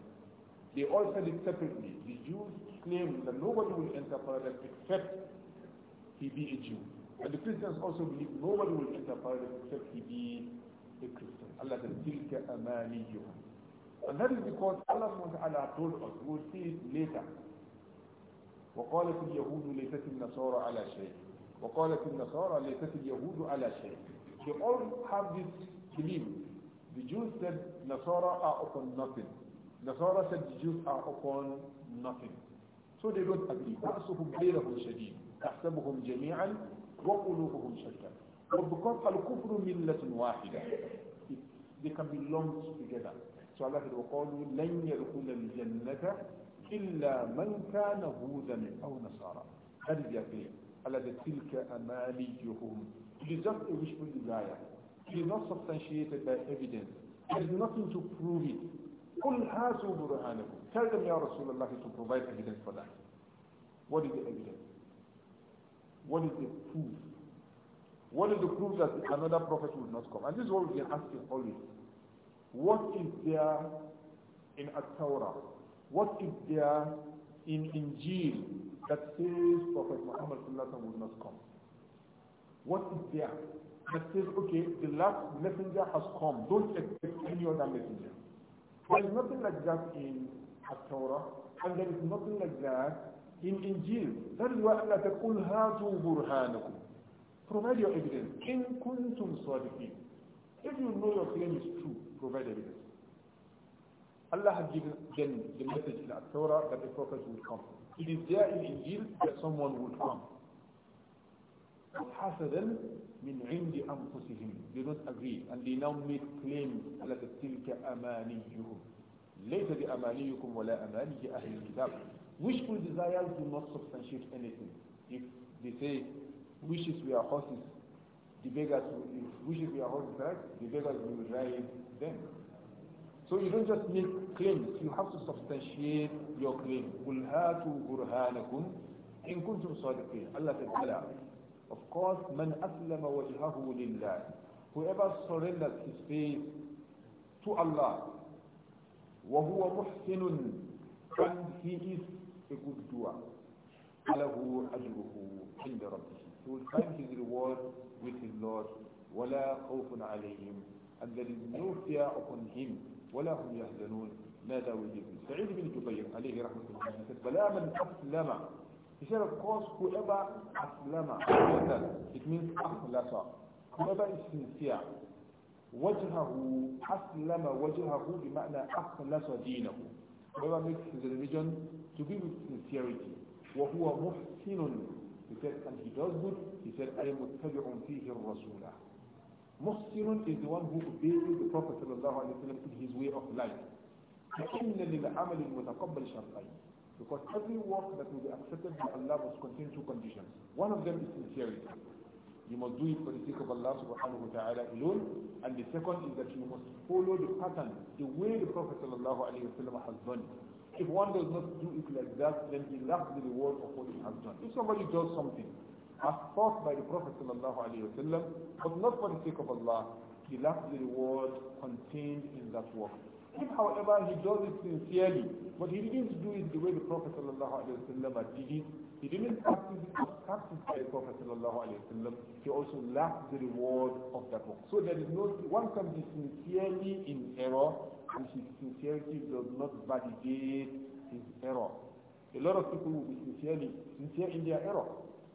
They all said it separately. The Jews claimed that nobody will enter paradise except he be a Jew. And the Christians also believe nobody will enter paradise except he be a Christian. Allah says, Tilka Amani amaniyuhum. And that is because Allah SWT told us, we'll see it later. وقالت اليهود ليست النصارى على شيء وقالت النصارى ليست اليهود على شيء They all have this belief. The Jews said Nasara are upon nothing. Nasara said the Jews are upon nothing. So they don't agree. بَعْصُهُمْ غَيْرَهُ شَدِيدٌ تَحْسَبُهُمْ جَمِيعًا وقلوبهم شتى But الكفر ملة واحدة they can belong together. So Allah said, وَقَالُوا لَنْ يَدْخُلَ الْجَنَّةَ إِلَّا مَنْ كَانَ هُودًا أَوْ نصارى That is على تِلْكَ أَمَالِيُّهُمْ It is just a wishful desire. It is not substantiated by evidence. There is nothing to prove it. قُلْ هَاتُوا بُرْهَانَكُمْ Tell them, يا رسول الله, to provide evidence for that. What is the evidence? What is the proof? What is the proof that another prophet will not come? And this is what we are asking always. What is there in At-Torah? What is there in Injil that says Prophet Muhammad will not come? What is there that says, okay, the last messenger has come. Don't expect any other messenger. There is nothing like that in At-Torah, and there is nothing like that in Injil. That is تقول هَاتُوا بُرْهَانَكُمْ Provide your evidence. إن كنتم صادقين If you know your claim is true, provide evidence. Allah has given them the message in the Torah that the prophet will come. It is there in Injil that someone will come. حسدا من عند أنفسهم they don't agree and they now make claims على تلك أمانيهم ليس بأمانيكم ولا أماني أهل الكتاب Wishful desires do not substantiate anything. If they say, wishes we are horses, the beggars, if wishes are horses, right, the beggars will ride them. So you don't just make claims, you have to substantiate your claim. قُلْ هَاتُوا بُرْهَانَكُمْ إِن كُنْتُمْ Allah said, Of course, مَنْ أَسْلَمَ وَجْهَهُ لِلَّهِ Whoever surrenders his faith to Allah, وَهُوَ مُحْسِنٌ And he is good doer, فَلَهُ أَجْرُهُ عِنْدَ رَبِّهِ He will find his reward with his Lord, وَلَا خَوْفٌ عَلَيْهِمْ And there is no fear upon him, وَلَا هُمْ يَهْزَنُونَ لا داوي سعيد بن جبير عليه رحمة الله said, بَلَا مَنْ أَسْلَمَ He said, of course, whoever أسلم, it means أخلص, whoever is sincere, وجهه أسلم وجهه بمعنى أخلص دينه whoever makes his religion to be with sincerity. وَهُوَ مُحْسِنٌ He said, and he does good, he said, I am مُتَّبِعٌ فِيهِ الرَّسُولَ Muhsinun is the one who obeys the Prophet ﷺ in his way of life. فَإِنَّ لِلْعَمَلِ الْمُتَقَبَّلِ شَرْطَيْنِ Because every work that will be accepted by Allah was contingent. two conditions. One of them is sincerity. You must do it for the sake of Allah subhanahu wa ta'ala alone. And the second is that you must follow the pattern, the way the Prophet sallallahu alayhi wa has done it. If one does not do it like that, then he lacks the reward of what he has done. If somebody does something as taught by the Prophet sallallahu alayhi wa but not for the sake of Allah, he lacks the reward contained in that work. If, however, he does it sincerely, but he didn't do it the way the Prophet ﷺ did it, He didn't practice it as practiced by the Prophet وسلم, he also lacked the reward of that book. So there is no, one can be sincerely in error and his sincerity does not validate his error. A lot of people will be sincerely sincere in their error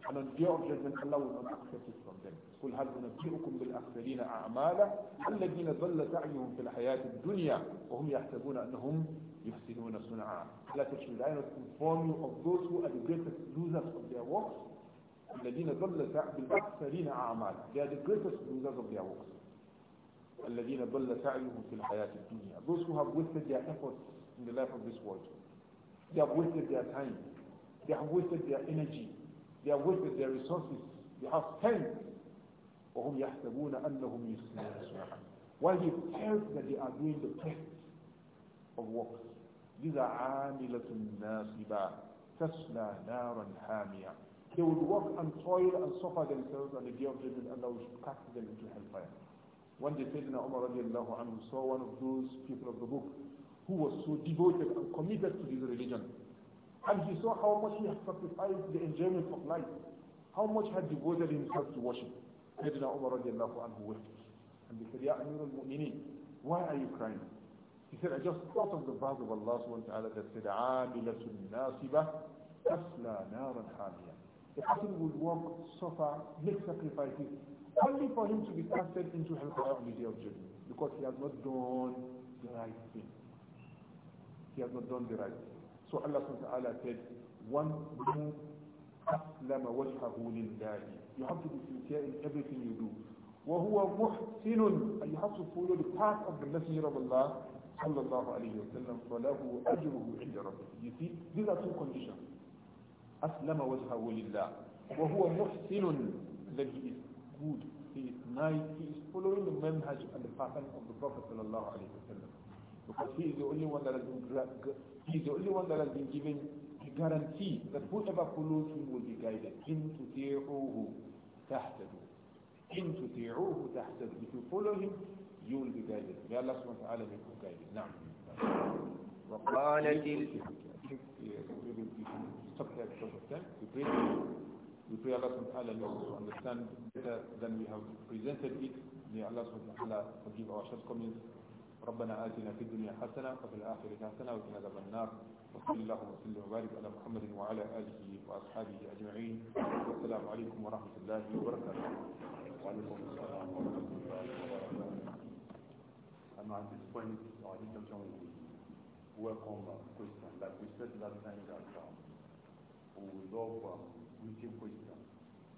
and on the day of judgment Allah will not accept it from them. قل هل ننبئكم بالأخسرين أعمالا الذين ضل سعيهم في الحياة الدنيا وهم يحسبون أنهم يحسنون صنعا لا تشمل I not inform you of those who are the greatest losers of their works الذين ضل سعيهم بالأخسرين أعمالا they are the greatest losers of their works الذين ضل سعيهم في الحياة الدنيا those who have wasted their efforts in the life of this world they have wasted their time they have wasted their energy they have wasted their resources they have spent وهم يحسبون أنهم صنعا while he tells that they are doing the test of works these are عاملة ناصبة تسلى نارا حامية they will work and toil and suffer themselves on the day of judgment Allah will cast them into hellfire one day Sayyidina Umar radiallahu anhu saw one of those people of the book who was so devoted and committed to his religion and he saw how much he had sacrificed the enjoyment of life how much he had devoted himself to worship Sayyidina Umar radiallahu anhu wept. And he said, Ya Amir al-Mu'mineen, why are you crying? He said, I just thought of the verse of Allah subhanahu wa ta'ala that said, عَامِلَةٌ نَاصِبَةٌ تَسْلَى نَارًا حَامِيًا The person will work, suffer, make sacrifices, only for him to be casted into hellfire on the day of judgment, because he has not done the right thing. He has not done the right thing. So Allah subhanahu wa ta'ala said, one move أسلم وجهه لله You have to be sincere in everything you do وهو محسن and you have of the Messenger of Allah صلى الله عليه وسلم فله أجره عند ربه You see, these are two conditions أسلم وجهه لله وهو محسن that he is good, he is nice, he is following the manhaj and the pattern of the Prophet صلى الله عليه وسلم because he is the only one that has been he is the only one that has been given guarantee that whoever follows him will be guided. In tuti'uhu tahtadu. In tuti'uhu tahtadu. If you follow him, you will be guided. May Allah subhanahu wa ta'ala make you guided. Now. وقالت Stop We pray, we pray Allah subhanahu wa ta'ala makes understand better than we have presented it. May Allah subhanahu wa ta'ala forgive our shortcomings. ربنا آتنا في الدنيا حسنة وفي الآخرة حسنة وقنا عذاب النار وصلى اللهم وسلم وبارك على محمد وعلى آله وأصحابه أجمعين والسلام عليكم ورحمة الله وبركاته وعليكم السلام ورحمة الله وبركاته And at this point, our discussion will work on a question that we said last time that um, we will solve um, written questions,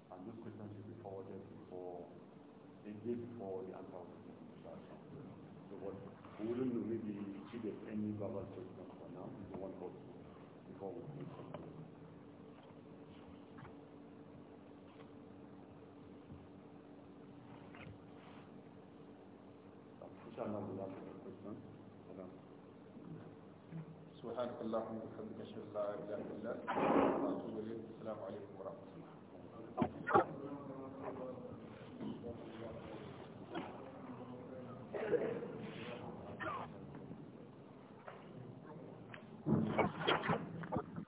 and those questions should be forwarded before the day before the answer wouldn't really that any global statement for now. It's one call before we make something. سبحانك اللهم وبحمدك اشهد ان لا اله الا انت